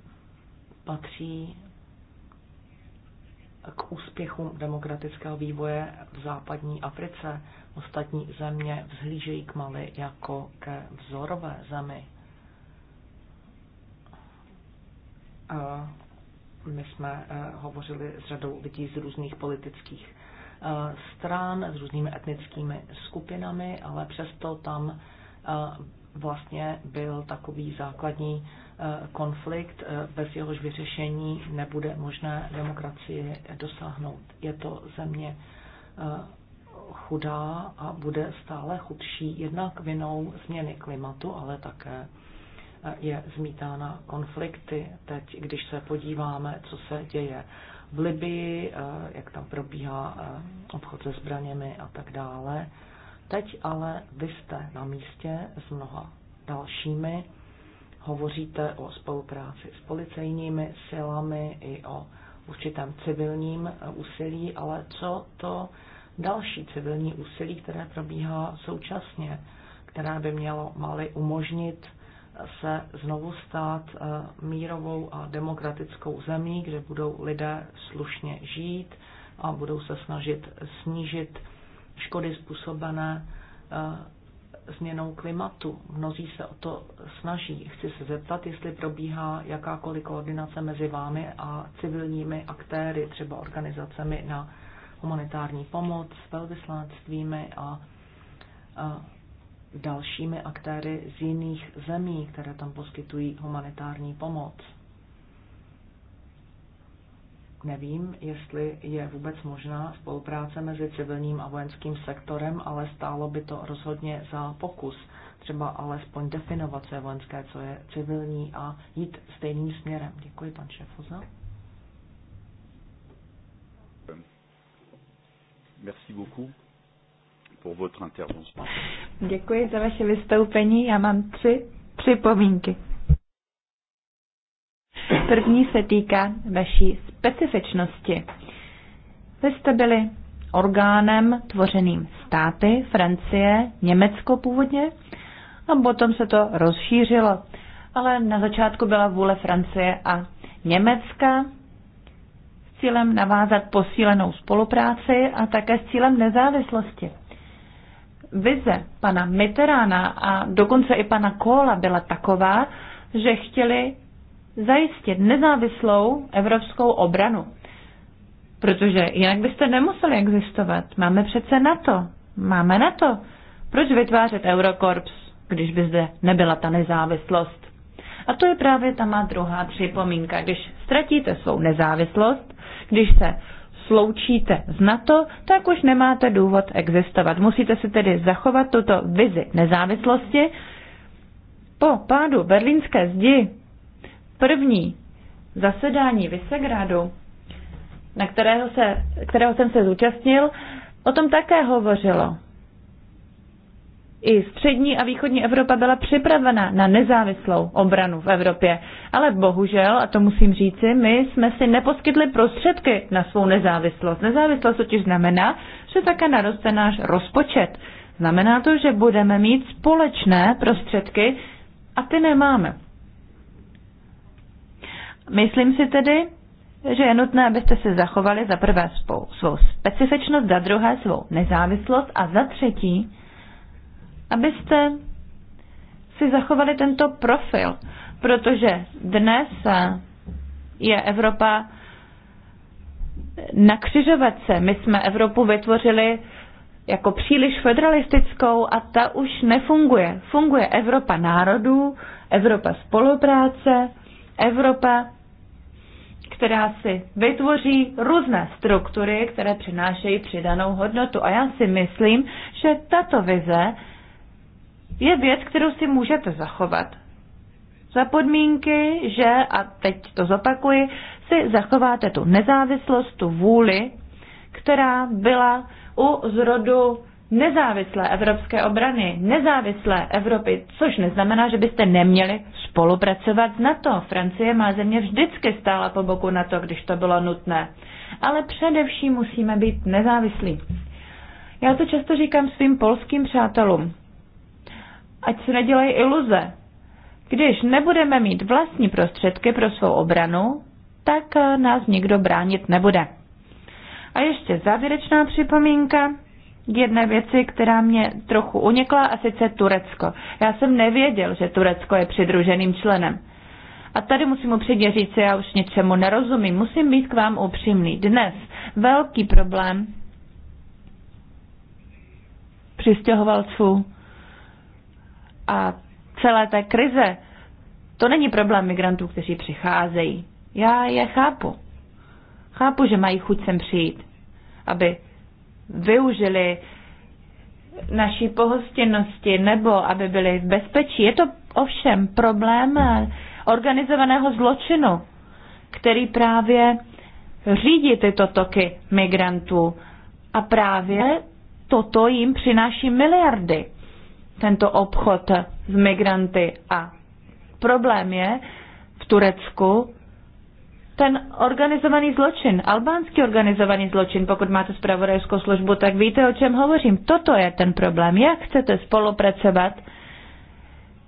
S3: patří k úspěchům demokratického vývoje v západní Africe. Ostatní země vzhlížejí k Mali jako ke vzorové zemi. E, my jsme hovořili s řadou lidí z různých politických Eh, stran, s různými etnickými skupinami, ale přesto tam eh, vlastně byl takový základní eh, konflikt, bez jehož vyřešení nebude možné demokracii dosáhnout. Je to země chudá a bude stále chudší jednak vinou změny klimatu, ale také je zmítána konflikty. Teď, když se podíváme, co se děje v Libii, eh, jak tam probíhá eh, obchod se zbraněmi a tak dále. Teď ale vy jste na místě s mnoha dalšími, hovoříte o spolupráci s policejními silami i o určitém civilním eh, úsilí, ale co to další civilní úsilí, které probíhá současně, které by mělo Mali umožnit se znovu stát eh, mírovou a demokratickou zemí, kde budou lidé slušně žít a budou se snažit snížit škody způsobené eh, změnou klimatu. Mnozí se o to snaží. Chci se zeptat, jestli probíhá jakákoliv koordinace mezi vámi a civilními aktéry, třeba organizacemi na humanitární pomoc, velvyslanectvími a, a eh, dalšími aktéry z jiných zemí, které tam poskytují humanitární pomoc. Nevím, jestli je vůbec možná spolupráce mezi civilním a vojenským sektorem, ale stálo by to rozhodně za pokus. Třeba alespoň definovat, co je vojenské, co je civilní a jít stejným směrem. Děkuji, pan Šefoza.
S1: Merci beaucoup pour votre intervention. Děkuji za vaše vystoupení. Já mám tři připomínky. První se týká vaší specifičnosti. Vy jste byli orgánem tvořeným státy, Francie, Německo původně, a potom se to rozšířilo. Ale na začátku byla vůle Francie a Německa s cílem navázat posílenou spolupráci a také s cílem nezávislosti vize pana Mitterána a dokonce i pana Kola byla taková, že chtěli zajistit nezávislou evropskou obranu. Protože jinak byste nemuseli existovat. Máme přece NATO. Máme NATO. Proč vytvářet Eurokorps, když by zde nebyla ta nezávislost? A to je právě ta má druhá připomínka. Když ztratíte svou nezávislost, když se sloučíte z NATO, tak už nemáte důvod existovat. Musíte si tedy zachovat tuto vizi nezávislosti. Po pádu berlínské zdi první zasedání Visegrádu, na kterého, se, kterého jsem se zúčastnil, o tom také hovořilo i střední a východní Evropa byla připravena na nezávislou obranu v Evropě. Ale bohužel, a to musím říci, my jsme si neposkytli prostředky na svou nezávislost. Nezávislost totiž znamená, že také naroste náš rozpočet. Znamená to, že budeme mít společné prostředky a ty nemáme. Myslím si tedy, že je nutné, abyste si zachovali za prvé svou, svou specifičnost, za druhé svou nezávislost a za třetí abyste si zachovali tento profil, protože dnes eh, je Evropa na křižovatce. My jsme Evropu vytvořili jako příliš federalistickou a ta už nefunguje. Funguje Evropa národů, Evropa spolupráce, Evropa, která si vytvoří různé struktury, které přinášejí přidanou hodnotu. A já si myslím, že tato vize je věc, kterou si můžete zachovat. Za podmínky, že, a teď to zopakuji, si zachováte tu nezávislost, tu vůli, která byla u zrodu nezávislé evropské obrany, nezávislé Evropy, což neznamená, že byste neměli spolupracovat s NATO. Francie má země vždycky stála po boku NATO, když to bylo nutné. Ale především musíme být nezávislí. Já to často říkám svým polským přátelům ať si nedělej iluze. Když nebudeme mít vlastní prostředky pro svou obranu, tak eh, nás nikdo bránit nebude. A ještě závěrečná připomínka k jedné věci, která mě trochu unikla, a sice Turecko. Já jsem nevěděl, že Turecko je přidruženým členem. A tady musím upřímně říct, já už něčemu nerozumím. Musím být k vám upřímný. Dnes velký problém přistěhovalců a celé té krize, to není problém migrantů, kteří přicházejí. Já je chápu. Chápu, že mají chuť sem přijít, aby využili naší pohostinnosti nebo aby byli v bezpečí. Je to ovšem problém organizovaného zločinu, který právě řídí tyto toky migrantů. A právě toto jim přináší miliardy tento obchod s migranty a problém je v Turecku ten organizovaný zločin, albánský organizovaný zločin, pokud máte spravodajskou službu, tak víte, o čem hovořím. Toto je ten problém. Jak chcete spolupracovat,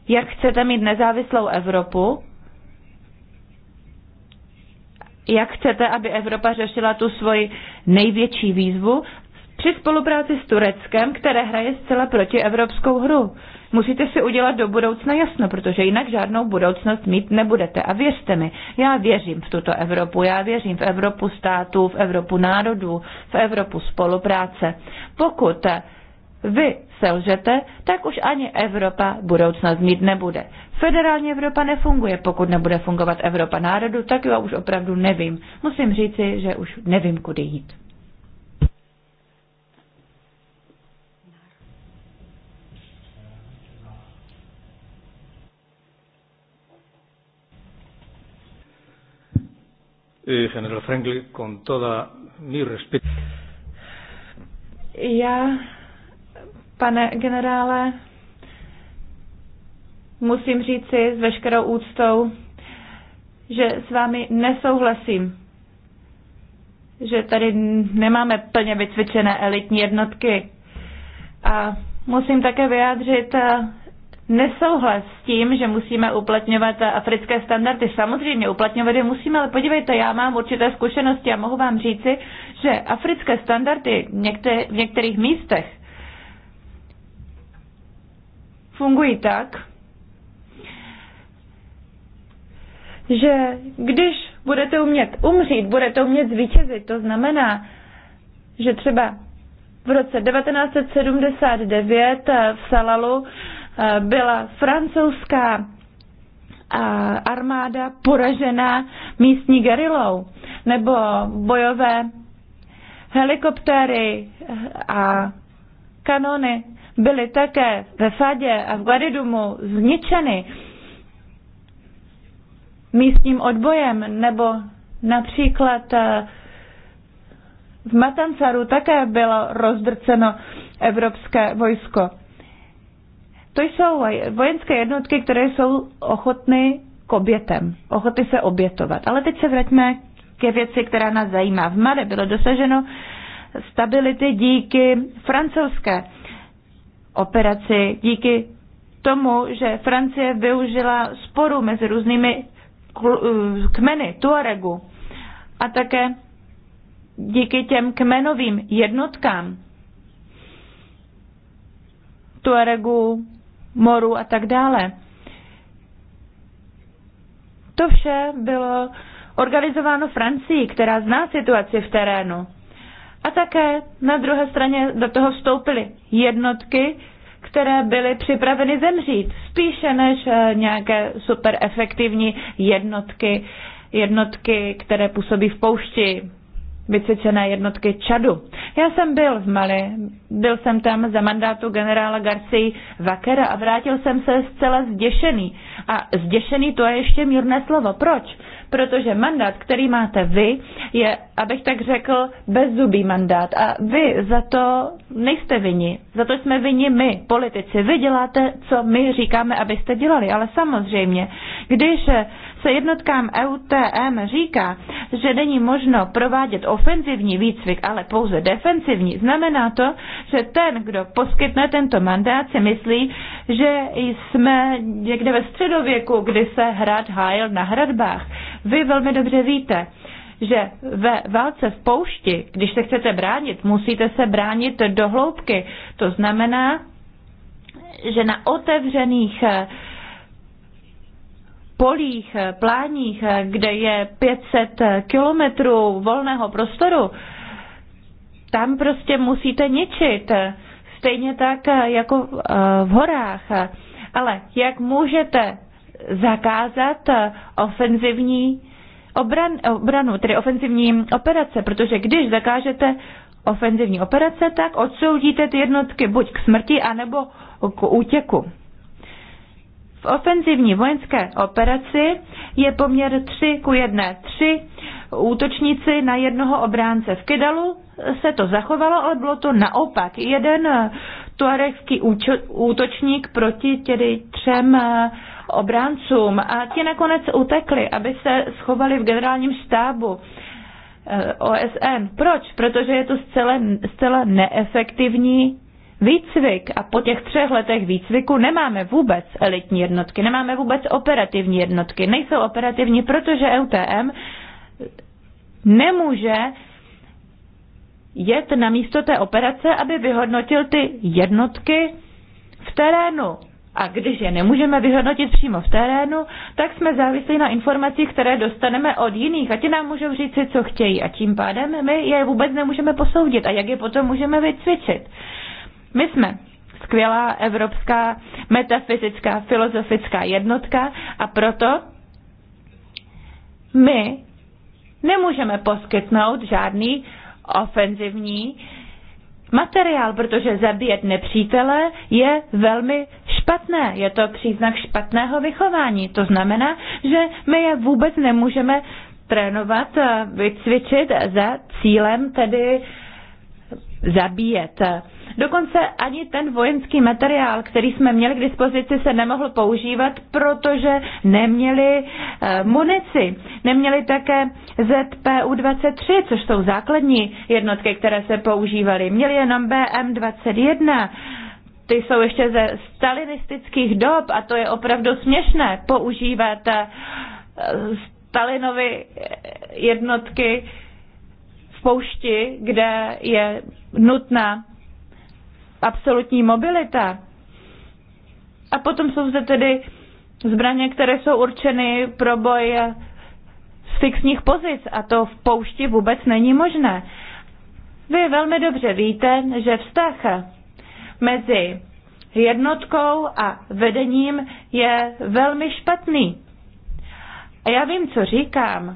S1: jak chcete mít nezávislou Evropu, jak chcete, aby Evropa řešila tu svoji největší výzvu, při spolupráci s Tureckem, které hraje zcela proti evropskou hru. Musíte si udělat do budoucna jasno, protože jinak žádnou budoucnost mít nebudete. A věřte mi, já věřím v tuto Evropu, já věřím v Evropu států, v Evropu národů, v Evropu spolupráce. Pokud vy selžete, tak už ani Evropa budoucnost mít nebude. Federální Evropa nefunguje, pokud nebude fungovat Evropa národu, tak já už opravdu nevím. Musím říci, že už nevím, kudy jít.
S2: eh, General Franklin, con toda mi respeto.
S1: Já, pane generále, musím říci s veškerou úctou, že s vámi nesouhlasím, že tady nemáme plně vycvičené elitní jednotky. A musím také vyjádřit eh, nesouhlas s tím, že musíme uplatňovat africké standardy. Samozřejmě uplatňovat je musíme, ale podívejte, já mám určité zkušenosti a mohu vám říci, že africké standardy v některých místech fungují tak, že když budete umět umřít, budete umět zvítězit, to znamená, že třeba v roce 1979 v Salalu Eh, byla francouzská eh, armáda poražena místní gerilou, nebo bojové helikoptéry eh, a kanony byly také ve Fadě a v Guadidumu zničeny místním odbojem, nebo například v Matancaru také bylo rozdrceno evropské vojsko. To jsou vojenské jednotky, které jsou ochotny k obětem, ochotny se obětovat. Ale teď se vraťme ke věci, která nás zajímá. V Mali bylo dosaženo stability díky francouzské operaci, díky tomu, že Francie využila sporu mezi různými eh, kmeny Tuaregu a také díky těm kmenovým jednotkám Tuaregu, Moru a tak dále. To vše bylo organizováno Francií, která zná situaci v terénu. A také na druhé straně do toho vstoupily jednotky, které byly připraveny zemřít, spíše než eh, nějaké super efektivní jednotky, jednotky, které působí v poušti vycvičené jednotky Čadu. Já jsem byl v Mali, byl jsem tam za mandátu generála Garci Vakera a vrátil jsem se zcela zděšený. A zděšený to je ještě mírné slovo. Proč? Protože mandát, který máte vy, je, abych tak řekl, bezzubý mandát. A vy za to nejste vini. Za to jsme vini my, politici. Vy děláte, co my říkáme, abyste dělali. Ale samozřejmě, když se jednotkám EUTM říká, že není možno provádět ofenzivní výcvik, ale pouze defensivní, znamená to, že ten, kdo poskytne tento mandát, si myslí, že jsme někde ve středověku, kdy se hrad hájil na hradbách. Vy velmi dobře víte, že ve válce v poušti, když se chcete bránit, musíte se bránit do hloubky. To znamená, že na otevřených uh, polích, eh, pláních, eh, kde je 500 eh, kilometrů volného prostoru, tam prostě musíte ničit. Stejně tak jako v horách. Ale jak můžete zakázat ofenzivní obran, obranu, tedy ofenzivní operace, protože když zakážete ofenzivní operace, tak odsoudíte ty jednotky buď k smrti, anebo k útěku. V ofenzivní vojenské operaci je poměr 3 ku 1, 3 útočníci na jednoho obránce. V Kedalu se to zachovalo, ale bylo to naopak. Jeden eh, tuarekský útočník proti tedy třem eh, obráncům a ti nakonec utekli, aby se schovali v generálním štábu. Eh, OSN. Proč? Protože je to zcela, zcela neefektivní výcvik a po těch třech letech výcviku nemáme vůbec elitní jednotky, nemáme vůbec operativní jednotky. Nejsou operativní, protože EUTM nemůže jet na místo té operace, aby vyhodnotil ty jednotky v terénu. A když je nemůžeme vyhodnotit přímo v terénu, tak jsme závislí na informacích, které dostaneme od jiných a ti nám můžou říct si, co chtějí a tím pádem my je vůbec nemůžeme posoudit a jak je potom můžeme vycvičit. My jsme skvělá evropská metafyzická filozofická jednotka a proto my nemůžeme poskytnout žádný ofenzivní materiál, protože zabíjet nepřítele je velmi špatné. Je to příznak špatného vychování. To znamená, že my je vůbec nemůžeme trénovat, vycvičit za cílem tedy uh, zabíjet. Dokonce ani ten vojenský materiál, který jsme měli k dispozici, se nemohl používat, protože neměli eh, munici. Neměli také ZPU-23, což jsou základní jednotky, které se používaly. Měli jenom BM-21 ty jsou ještě ze stalinistických dob a to je opravdu směšné používat eh, Stalinovi jednotky poušti, kde je nutná absolutní mobilita. A potom jsou zde tedy zbraně, které jsou určeny pro boj z fixních pozic a to v poušti vůbec není možné. Vy velmi dobře víte, že vztah mezi jednotkou a vedením je velmi špatný. A já vím, co říkám,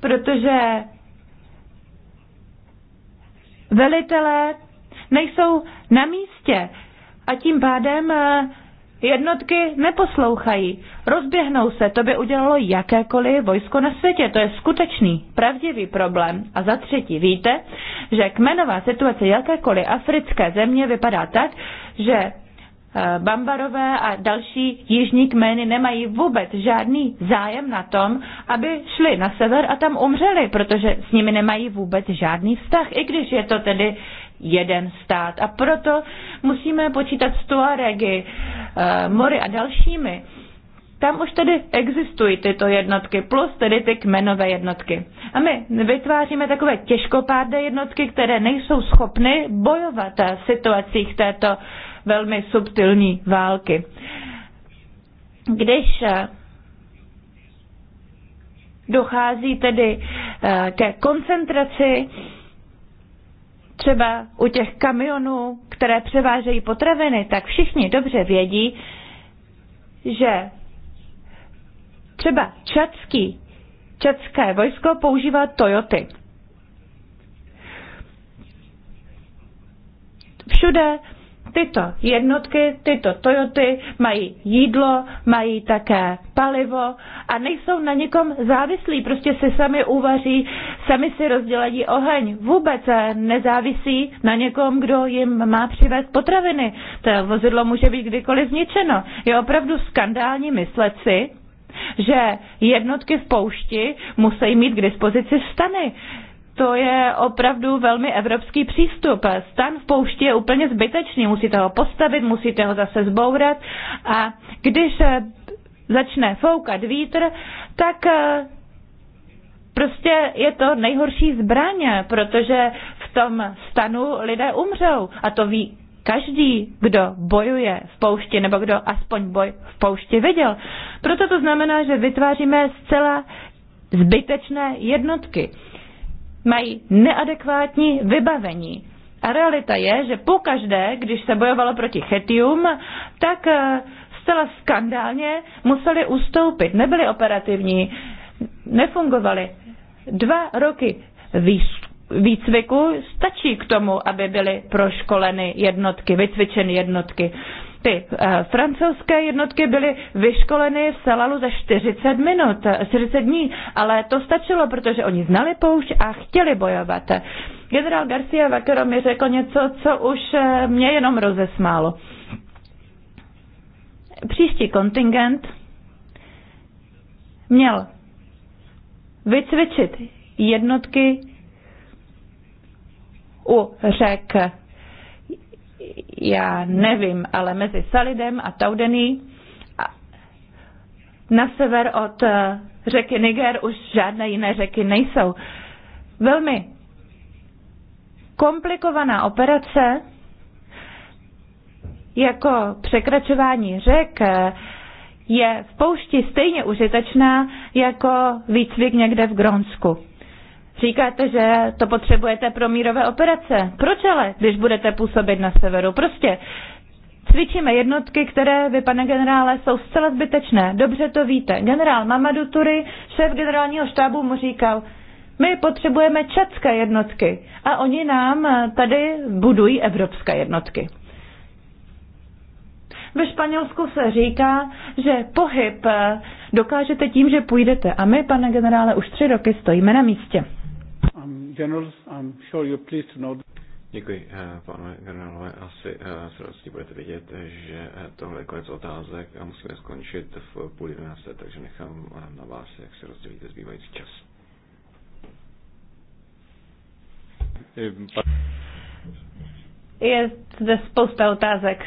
S1: protože velitelé nejsou na místě a tím pádem eh, jednotky neposlouchají. Rozběhnou se, to by udělalo jakékoliv vojsko na světě. To je skutečný, pravdivý problém. A za třetí, víte, že kmenová situace jakékoliv africké země vypadá tak, že Bambarové a další jižní kmeny nemají vůbec žádný zájem na tom, aby šli na sever a tam umřeli, protože s nimi nemají vůbec žádný vztah, i když je to tedy jeden stát. A proto musíme počítat s Tuaregy, eh, Mory a dalšími. Tam už tedy existují tyto jednotky, plus tedy ty kmenové jednotky. A my vytváříme takové těžkopádné jednotky, které nejsou schopny bojovat v situacích této velmi subtilní války. Když eh, dochází tedy eh, ke koncentraci třeba u těch kamionů, které převážejí potraviny, tak všichni dobře vědí, že třeba čatský, čatské vojsko používá Toyoty. Všude tyto jednotky, tyto Toyoty mají jídlo, mají také palivo a nejsou na někom závislí, prostě si sami uvaří, sami si rozdělají oheň. Vůbec nezávisí na někom, kdo jim má přivést potraviny. To vozidlo může být kdykoliv zničeno. Je opravdu skandální myslet si, že jednotky v poušti musí mít k dispozici stany, to je opravdu velmi evropský přístup. Stan v poušti je úplně zbytečný, musíte ho postavit, musíte ho zase zbourat a když eh, začne foukat vítr, tak eh, prostě je to nejhorší zbraň, protože v tom stanu lidé umřou a to ví každý, kdo bojuje v poušti, nebo kdo aspoň boj v poušti viděl. Proto to znamená, že vytváříme zcela zbytečné jednotky mají neadekvátní vybavení. A realita je, že pokaždé, když se bojovalo proti chetium, tak eh, zcela skandálně museli ustoupit. Nebyli operativní, nefungovali. Dva roky výcviku stačí k tomu, aby byly proškoleny jednotky, vycvičeny jednotky ty eh, francouzské jednotky byly vyškoleny v Salalu za 40 minut, 40 dní, ale to stačilo, protože oni znali poušť a chtěli bojovat. Generál Garcia Vaquero mi řekl něco, co už eh, mě jenom rozesmálo. Příští kontingent měl vycvičit jednotky u řek já nevím, ale mezi Salidem a Taudení na sever od eh, řeky Niger už žádné jiné řeky nejsou. Velmi komplikovaná operace, jako překračování řek, eh, je v poušti stejně užitečná jako výcvik někde v Gronsku. Říkáte, že to potřebujete pro mírové operace. Proč ale, když budete působit na severu? Prostě cvičíme jednotky, které, vy pane generále, jsou zcela zbytečné. Dobře to víte. Generál Mamadou Turi, šéf generálního štábu, mu říkal, my potřebujeme čatské jednotky a oni nám eh, tady budují evropské jednotky. Ve Španělsku se říká, že pohyb eh, dokážete tím, že půjdete. A my, pane generále, už tři roky stojíme na místě.
S2: Děkuji, pane generálové. Asi eh, s radostí budete vidět, že eh, tohle je konec otázek a musíme skončit v půl jedenácté, takže nechám eh, na vás, jak se rozdělíte zbývající čas.
S1: Je zde spousta otázek.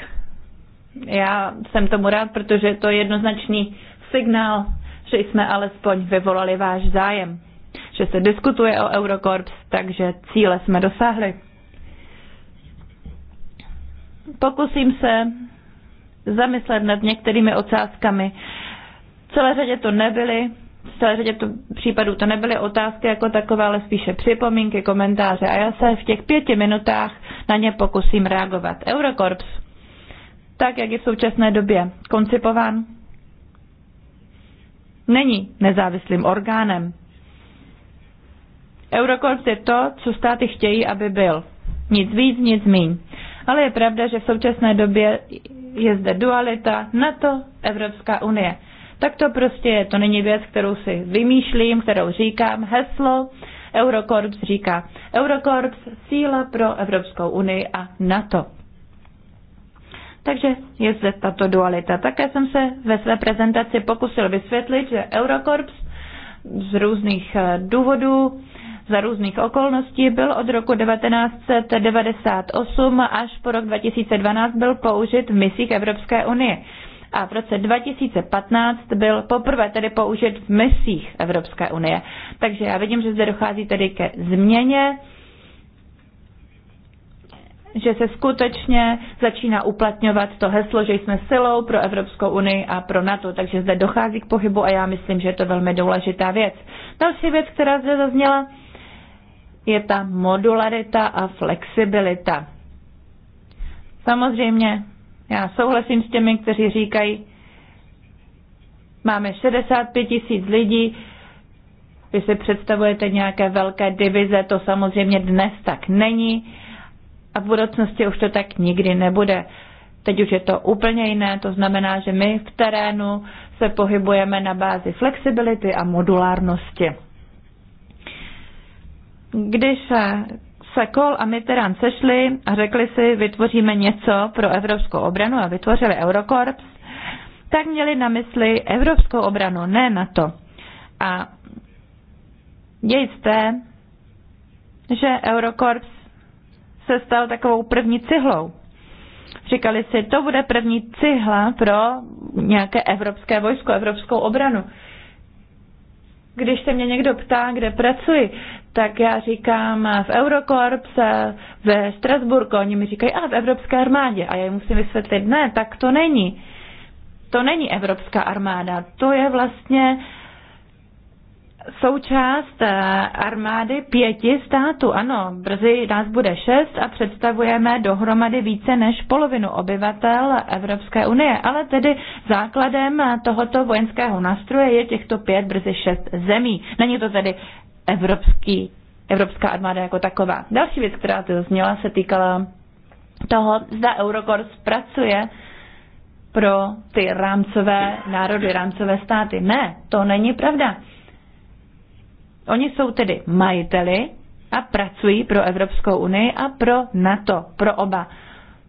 S1: Já jsem tomu rád, protože to je jednoznačný signál, že jsme alespoň vyvolali váš zájem že se diskutuje o Eurokorps, takže cíle jsme dosáhli. Pokusím se zamyslet nad některými otázkami. V celé řadě to nebyly, v celé řadě to případů to nebyly otázky jako takové, ale spíše připomínky, komentáře. A já se v těch pěti minutách na ně pokusím reagovat. Eurokorps, tak jak je v současné době koncipován, není nezávislým orgánem. Eurokorps je to, co státy chtějí, aby byl. Nic víc, nic míň. Ale je pravda, že v současné době je zde dualita NATO, Evropská unie. Tak to prostě je, to není věc, kterou si vymýšlím, kterou říkám. Heslo Eurokorps říká Eurokorps síla pro Evropskou unii a NATO. Takže je zde tato dualita. Také jsem se ve své prezentaci pokusil vysvětlit, že Eurokorps z různých eh, důvodů za různých okolností byl od roku 1998 až po rok 2012 byl použit v misích Evropské unie a v roce 2015 byl poprvé tedy použit v misích Evropské unie. Takže já vidím, že zde dochází tedy ke změně, že se skutečně začíná uplatňovat to heslo, že jsme silou pro Evropskou unii a pro NATO, takže zde dochází k pohybu a já myslím, že je to velmi důležitá věc. Další věc, která zde zazněla, je ta modularita a flexibilita. Samozřejmě, já souhlasím s těmi, kteří říkají, máme 65 tisíc lidí, vy si představujete nějaké velké divize, to samozřejmě dnes tak není a v budoucnosti už to tak nikdy nebude. Teď už je to úplně jiné, to znamená, že my v terénu se pohybujeme na bázi flexibility a modulárnosti když se Kol a Mitterrand sešli a řekli si, vytvoříme něco pro evropskou obranu a vytvořili Eurokorps, tak měli na mysli evropskou obranu, ne NATO. A je jisté, že Eurokorps se stal takovou první cihlou. Říkali si, to bude první cihla pro nějaké evropské vojsko, evropskou obranu. Když se mě někdo ptá, kde pracuji, tak já říkám eh, v Eurokorps, eh, ve Strasburku, oni mi říkají, a ah, v Evropské armádě. A já jim musím vysvětlit, ne, tak to není. To není Evropská armáda, to je vlastně součást eh, armády pěti států. Ano, brzy nás bude šest a představujeme dohromady více než polovinu obyvatel Evropské unie. Ale tedy základem tohoto vojenského nástroje je těchto pět, brzy šest zemí. Není to tedy evropský, evropská armáda jako taková. Další věc, která tu zněla, se týkala toho, zda Eurokor pracuje pro ty rámcové národy, rámcové státy. Ne, to není pravda. Oni jsou tedy majiteli a pracují pro Evropskou unii a pro NATO, pro oba.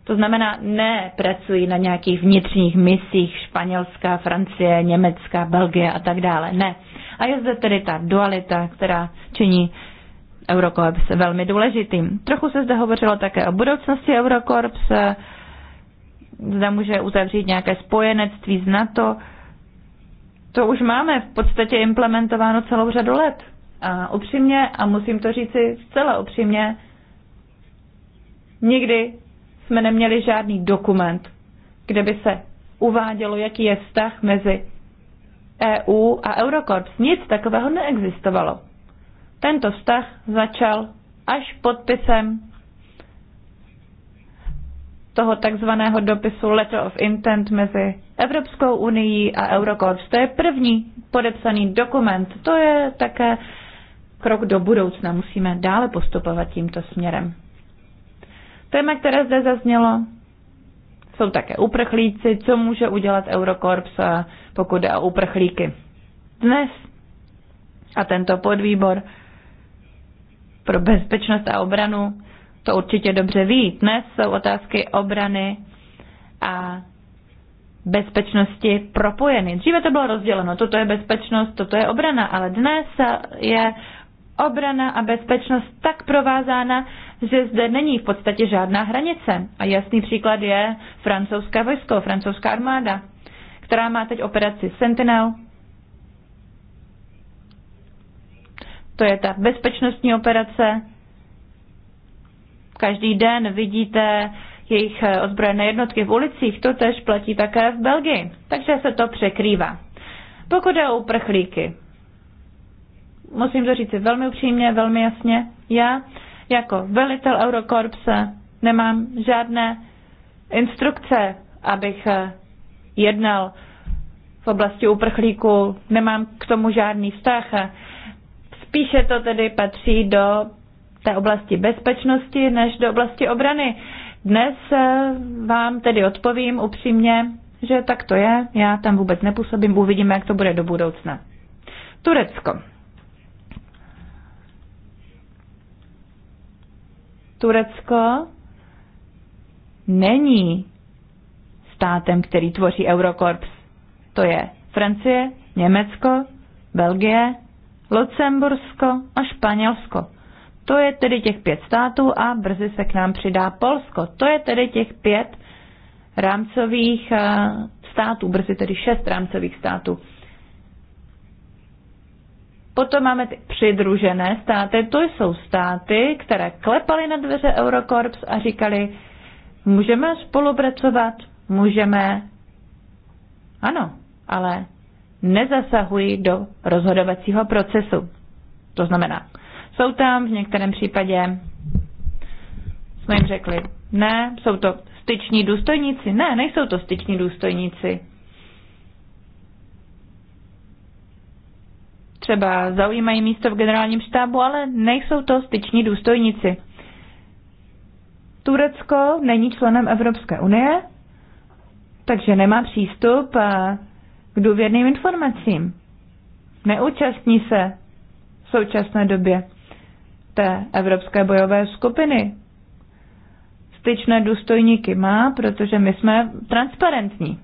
S1: To znamená, ne pracují na nějakých vnitřních misích Španělská, Francie, Německa, Belgie a tak dále. Ne. A je zde tedy ta dualita, která činí Eurocorps velmi důležitým. Trochu se zde hovořilo také o budoucnosti Eurocorps, zda může uzavřít nějaké spojenectví z NATO. To už máme v podstatě implementováno celou řadu let. A upřímně, a musím to říci zcela upřímně, nikdy jsme neměli žádný dokument, kde by se uvádělo, jaký je vztah mezi EU a Eurokorps. Nic takového neexistovalo. Tento vztah začal až podpisem toho takzvaného dopisu Letter of Intent mezi Evropskou unii a Eurokorps. To je první podepsaný dokument. To je také krok do budoucna. Musíme dále postupovat tímto směrem. Téma, které zde zaznělo, jsou také uprchlíci, co může udělat Eurokorps, pokud jde o uprchlíky. Dnes a tento podvýbor pro bezpečnost a obranu to určitě dobře ví. Dnes jsou otázky obrany a bezpečnosti propojeny. Dříve to bylo rozděleno, toto je bezpečnost, toto je obrana, ale dnes je obrana a bezpečnost tak provázána, že zde není v podstatě žádná hranice. A jasný příklad je francouzské vojsko, francouzská armáda, která má teď operaci Sentinel. To je ta bezpečnostní operace. Každý den vidíte jejich eh, ozbrojené jednotky v ulicích, to tež platí také v Belgii. Takže se to překrývá. Pokud je o uprchlíky, musím to říct velmi upřímně, velmi jasně, já jako velitel Eurokorpse nemám žádné instrukce, abych eh, jednal v oblasti uprchlíků, nemám k tomu žádný vztah. Spíše to tedy patří do té oblasti bezpečnosti než do oblasti obrany. Dnes eh, vám tedy odpovím upřímně, že tak to je, já tam vůbec nepůsobím, uvidíme, jak to bude do budoucna. Turecko. Turecko není státem, který tvoří Eurokorps. To je Francie, Německo, Belgie, Lucembursko a Španělsko. To je tedy těch pět států a brzy se k nám přidá Polsko. To je tedy těch pět rámcových eh, států, brzy tedy šest rámcových států. Potom máme ty přidružené státy, to jsou státy, které klepaly na dveře Eurokorps a říkali, můžeme spolupracovat, můžeme, ano, ale nezasahují do rozhodovacího procesu. To znamená, jsou tam v některém případě, jsme jim řekli, ne, jsou to styční důstojníci. Ne, nejsou to styční důstojníci. třeba zaujímají místo v generálním štábu, ale nejsou to styční důstojníci. Turecko není členem Evropské unie, takže nemá přístup eh, k důvěrným informacím. Neúčastní se v současné době té evropské bojové skupiny. Styčné důstojníky má, protože my jsme transparentní.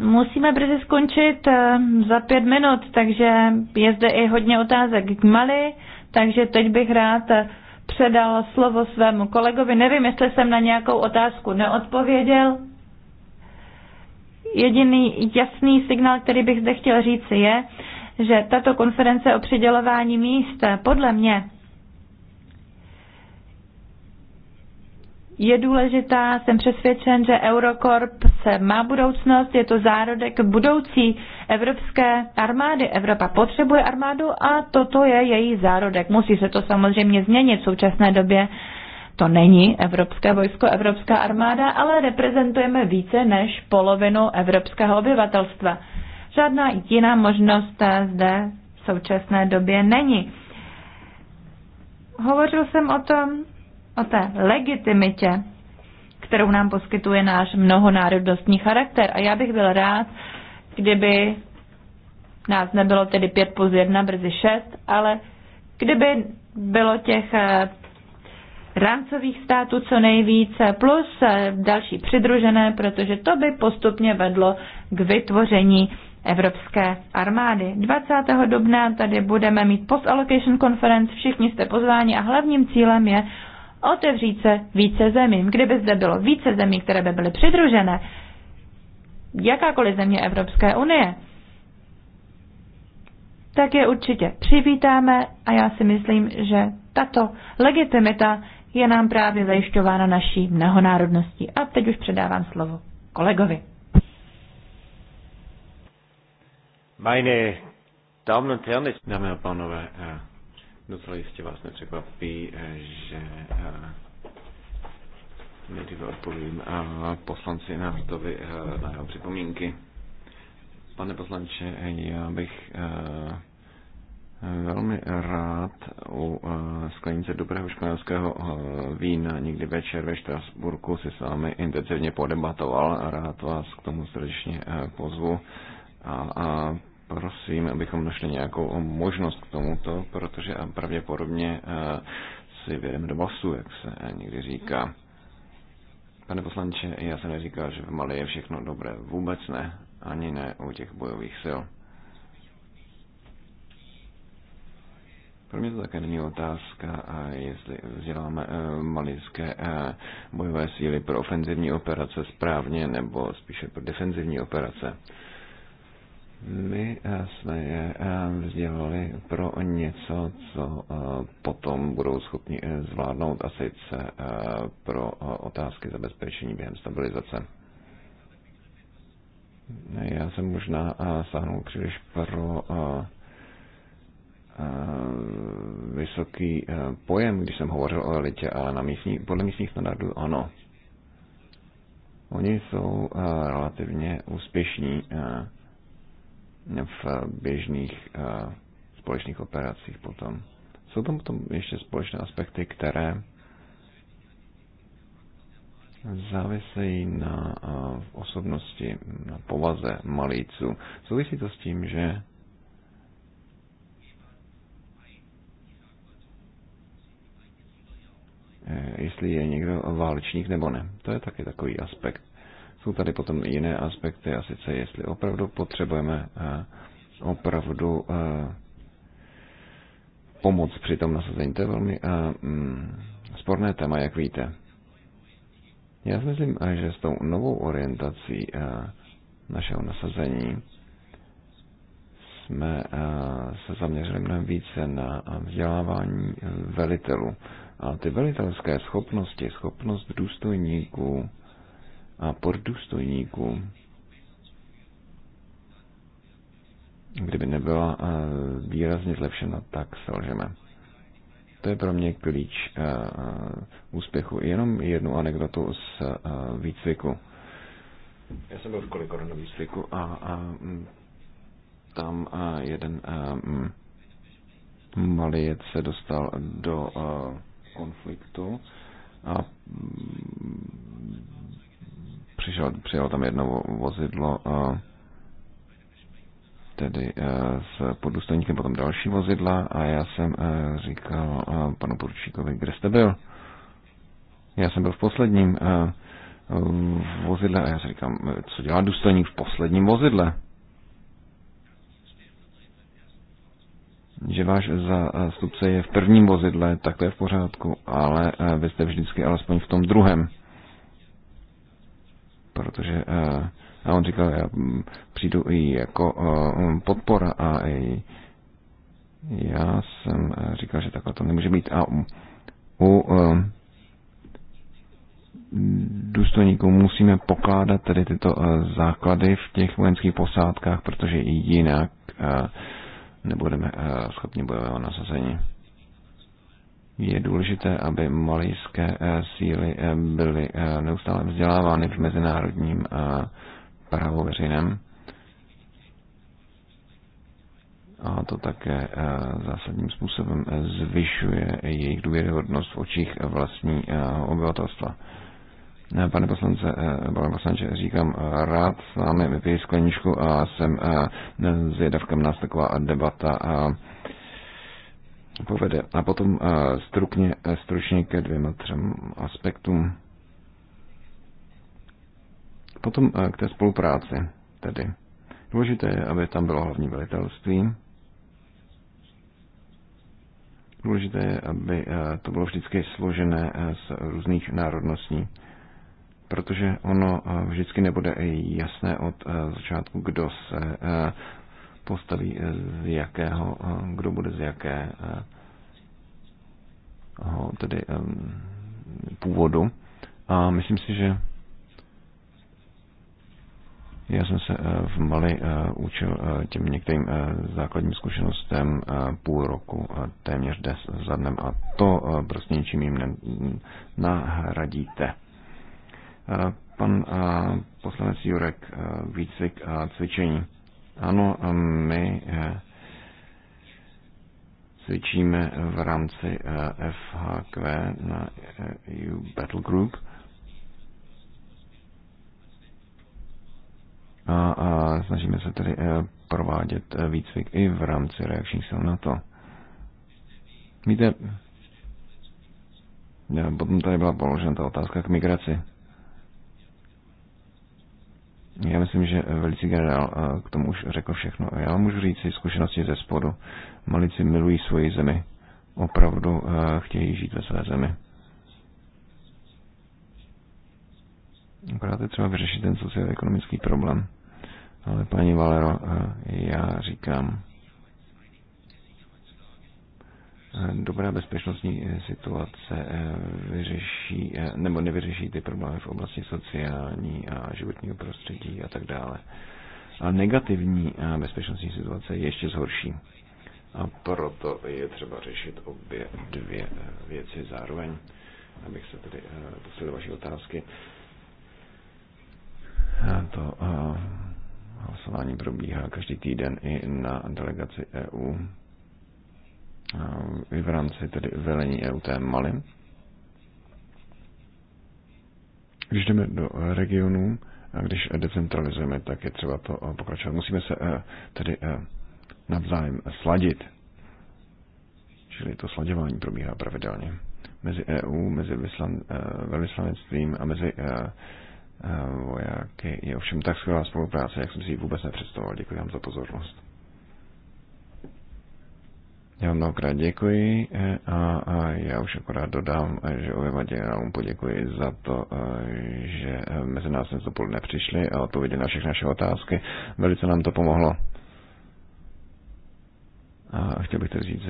S1: Musíme brzy skončit eh, za pět minut, takže je zde i hodně otázek k Mali, takže teď bych rád eh, předal slovo svému kolegovi. Nevím, jestli jsem na nějakou otázku neodpověděl. Jediný jasný signál, který bych zde chtěl říct, je, že tato konference o přidělování míst eh, podle mě je důležitá. Jsem přesvědčen, že Eurokorp se má budoucnost, je to zárodek budoucí evropské armády. Evropa potřebuje armádu a toto je její zárodek. Musí se to samozřejmě změnit v současné době. To není Evropské vojsko, Evropská armáda, ale reprezentujeme více než polovinu evropského obyvatelstva. Žádná jiná možnost zde v současné době není. Hovořil jsem o tom o té legitimitě, kterou nám poskytuje náš mnohonárodnostní charakter. A já bych byl rád, kdyby nás nebylo tedy 5 plus 1, brzy 6, ale kdyby bylo těch eh, rámcových států co nejvíce, plus eh, další přidružené, protože to by postupně vedlo k vytvoření Evropské armády. 20. dubna tady budeme mít post-allocation conference, všichni jste pozváni a hlavním cílem je otevřít se více zemím. Kdyby zde bylo více zemí, které by byly přidružené, jakákoliv země Evropské unie, tak je určitě přivítáme a já si myslím, že tato legitimita je nám právě zajišťována naší mnohonárodností. A teď už předávám slovo kolegovi.
S2: Meine Damen und Herren, dámy a pánové, eh, Docela jistě vás nepřekvapí, eh, že eh, nejdříve odpovím eh, poslanci Nartovi na jeho připomínky. Pane poslanče, já bych velmi rád u sklenice dobrého španělského vína někdy večer ve Štrasburku si s vámi intenzivně podebatoval. Rád vás k tomu srdečně pozvu a prosím, abychom našli nějakou možnost k tomuto, protože pravděpodobně eh, si vědem do basu, jak se eh, někdy říká. Pane poslanče, já jsem neříkal, že v Mali je všechno dobré. Vůbec ne. Ani ne u těch bojových sil. Pro mě to také není otázka, a eh, jestli vzděláme e, malijské e, bojové síly pro ofenzivní operace správně nebo spíše pro defenzivní operace. E, my eh, jsme je eh, vzdělali pro něco, co eh, potom budou schopni zvládnout a sice pro otázky zabezpečení během stabilizace. Já jsem možná sáhnul příliš pro vysoký pojem, když jsem hovořil o elitě, ale na místní, podle místních standardů ano. Oni jsou relativně úspěšní v běžných eh, společných operacích potom. Jsou tam potom ještě společné aspekty, které závisejí na eh, osobnosti, na povaze malíců. Souvisí to s tím, že eh, jestli je někdo válečník nebo ne. To je taky takový aspekt. Jsou tady potom jiné aspekty, a sice jestli opravdu potřebujeme eh, opravdu eh, pomoc při tom nasazení. To je velmi eh, mm, sporné téma, jak víte. Já si myslím, že s tou novou orientací našeho nasazení jsme se zaměřili mnohem více na vzdělávání velitelů. A ty velitelské schopnosti, schopnost důstojníků, a důstojníků. Kdyby nebyla eh, výrazně zlepšena, tak selžeme. To je pro mě klíč eh, eh, úspěchu. Jenom jednu anekdotu z výcviku. Já jsem byl v na výcviku a, a mm, tam a jeden um, mm, malijec se dostal do uh, konfliktu a mm, přišel, přijel tam jedno vozidlo tedy e, s podůstojníkem potom další vozidla a já jsem e, říkal e, panu poručíkovi, kde jste byl? Já jsem byl v posledním vozidle a já si říkám, co dělá důstojník v posledním vozidle? Že váš zastupce je v prvním vozidle, tak to je v pořádku, ale vy jste vždycky alespoň v tom druhém protože eh, a on říkal, já mm, přijdu i jako eh, mm, podpora a i já jsem eh, říkal, že takhle to nemůže být. A u, u důstojníků musíme pokládat tedy tyto základy v těch vojenských posádkách, protože i jinak nebudeme schopni bojového nasazení je důležité, aby malijské eh, síly eh, byly eh, neustále vzdělávány v mezinárodním právu veřejném. A to také zásadním způsobem zvyšuje jejich důvěryhodnost v očích vlastní obyvatelstva. Pane poslance, pane poslance, říkám rád s námi vypiju skleničku a jsem s jedavkem nás taková debata a povede. A potom eh, strukně, eh, stručně ke dvěma třem aspektům. Potom eh, k té spolupráci tedy. Důležité je, aby tam bylo hlavní velitelství. Důležité je, aby to bylo vždycky složené z různých národností, protože ono vždycky nebude jasné od začátku, kdo se postaví, eh, z jakého, eh, kdo bude z jaké eh, tedy původu. A myslím si, že já jsem se v Mali učil těm některým základním zkušenostem půl roku, téměř des za dnem a to prostě ničím jim nahradíte. Pan poslanec Jurek, výcvik a cvičení. Ano, my eh, cvičíme v rámci eh, FHQ na EU eh, Battle Group. A, a snažíme se tedy provádět výcvik i v rámci reakčních sil NATO. Víte, potom tady byla položena ta otázka k migraci. Já myslím, že velice generál eh, k tomu už řekl všechno. Já vám můžu říct si zkušenosti ze spodu. Malici milují svoji zemi. Opravdu eh, chtějí žít ve své zemi. Akorát je třeba vyřešit ten socioekonomický problém. Ale paní Valero, eh, já říkám, dobrá bezpečnostní eh, situace eh, vyřeší, eh, nebo nevyřeší ty problémy v oblasti sociální a životního prostředí a tak dále. A negativní bezpečnostní situace je ještě zhorší. A proto je třeba řešit obě dvě věci zároveň, abych se tedy pustil do vaší otázky. A to a hlasování probíhá každý týden i na delegaci EU Eh, i v rámci tedy velení EUT Mali. Když jdeme do eh, regionů, a když eh, decentralizujeme, tak je třeba to pokračovat. Musíme se tedy navzájem sladit. Čili to sladěvání probíhá pravidelně. Mezi EU, mezi vyslan, velvyslanectvím a mezi vojáky je ovšem tak skvělá spolupráce, jak jsem si ji vůbec nepředstavoval. Děkuji vám za pozornost. Já vám mnohokrát děkuji eh, a, a já už akorát dodám, eh, že oběma generálům poděkuji za to, eh, že mezi nás dnes dopoledne nepřišli a odpovědi na všechny naše otázky. Velice nám to pomohlo. A chtěl bych tedy říct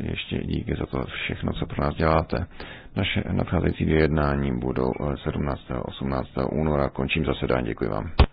S2: ještě díky za to všechno, co pro nás děláte. Naše nadcházející dvě jednání budou 17. a 18. února. Končím zasedání. Děkuji vám.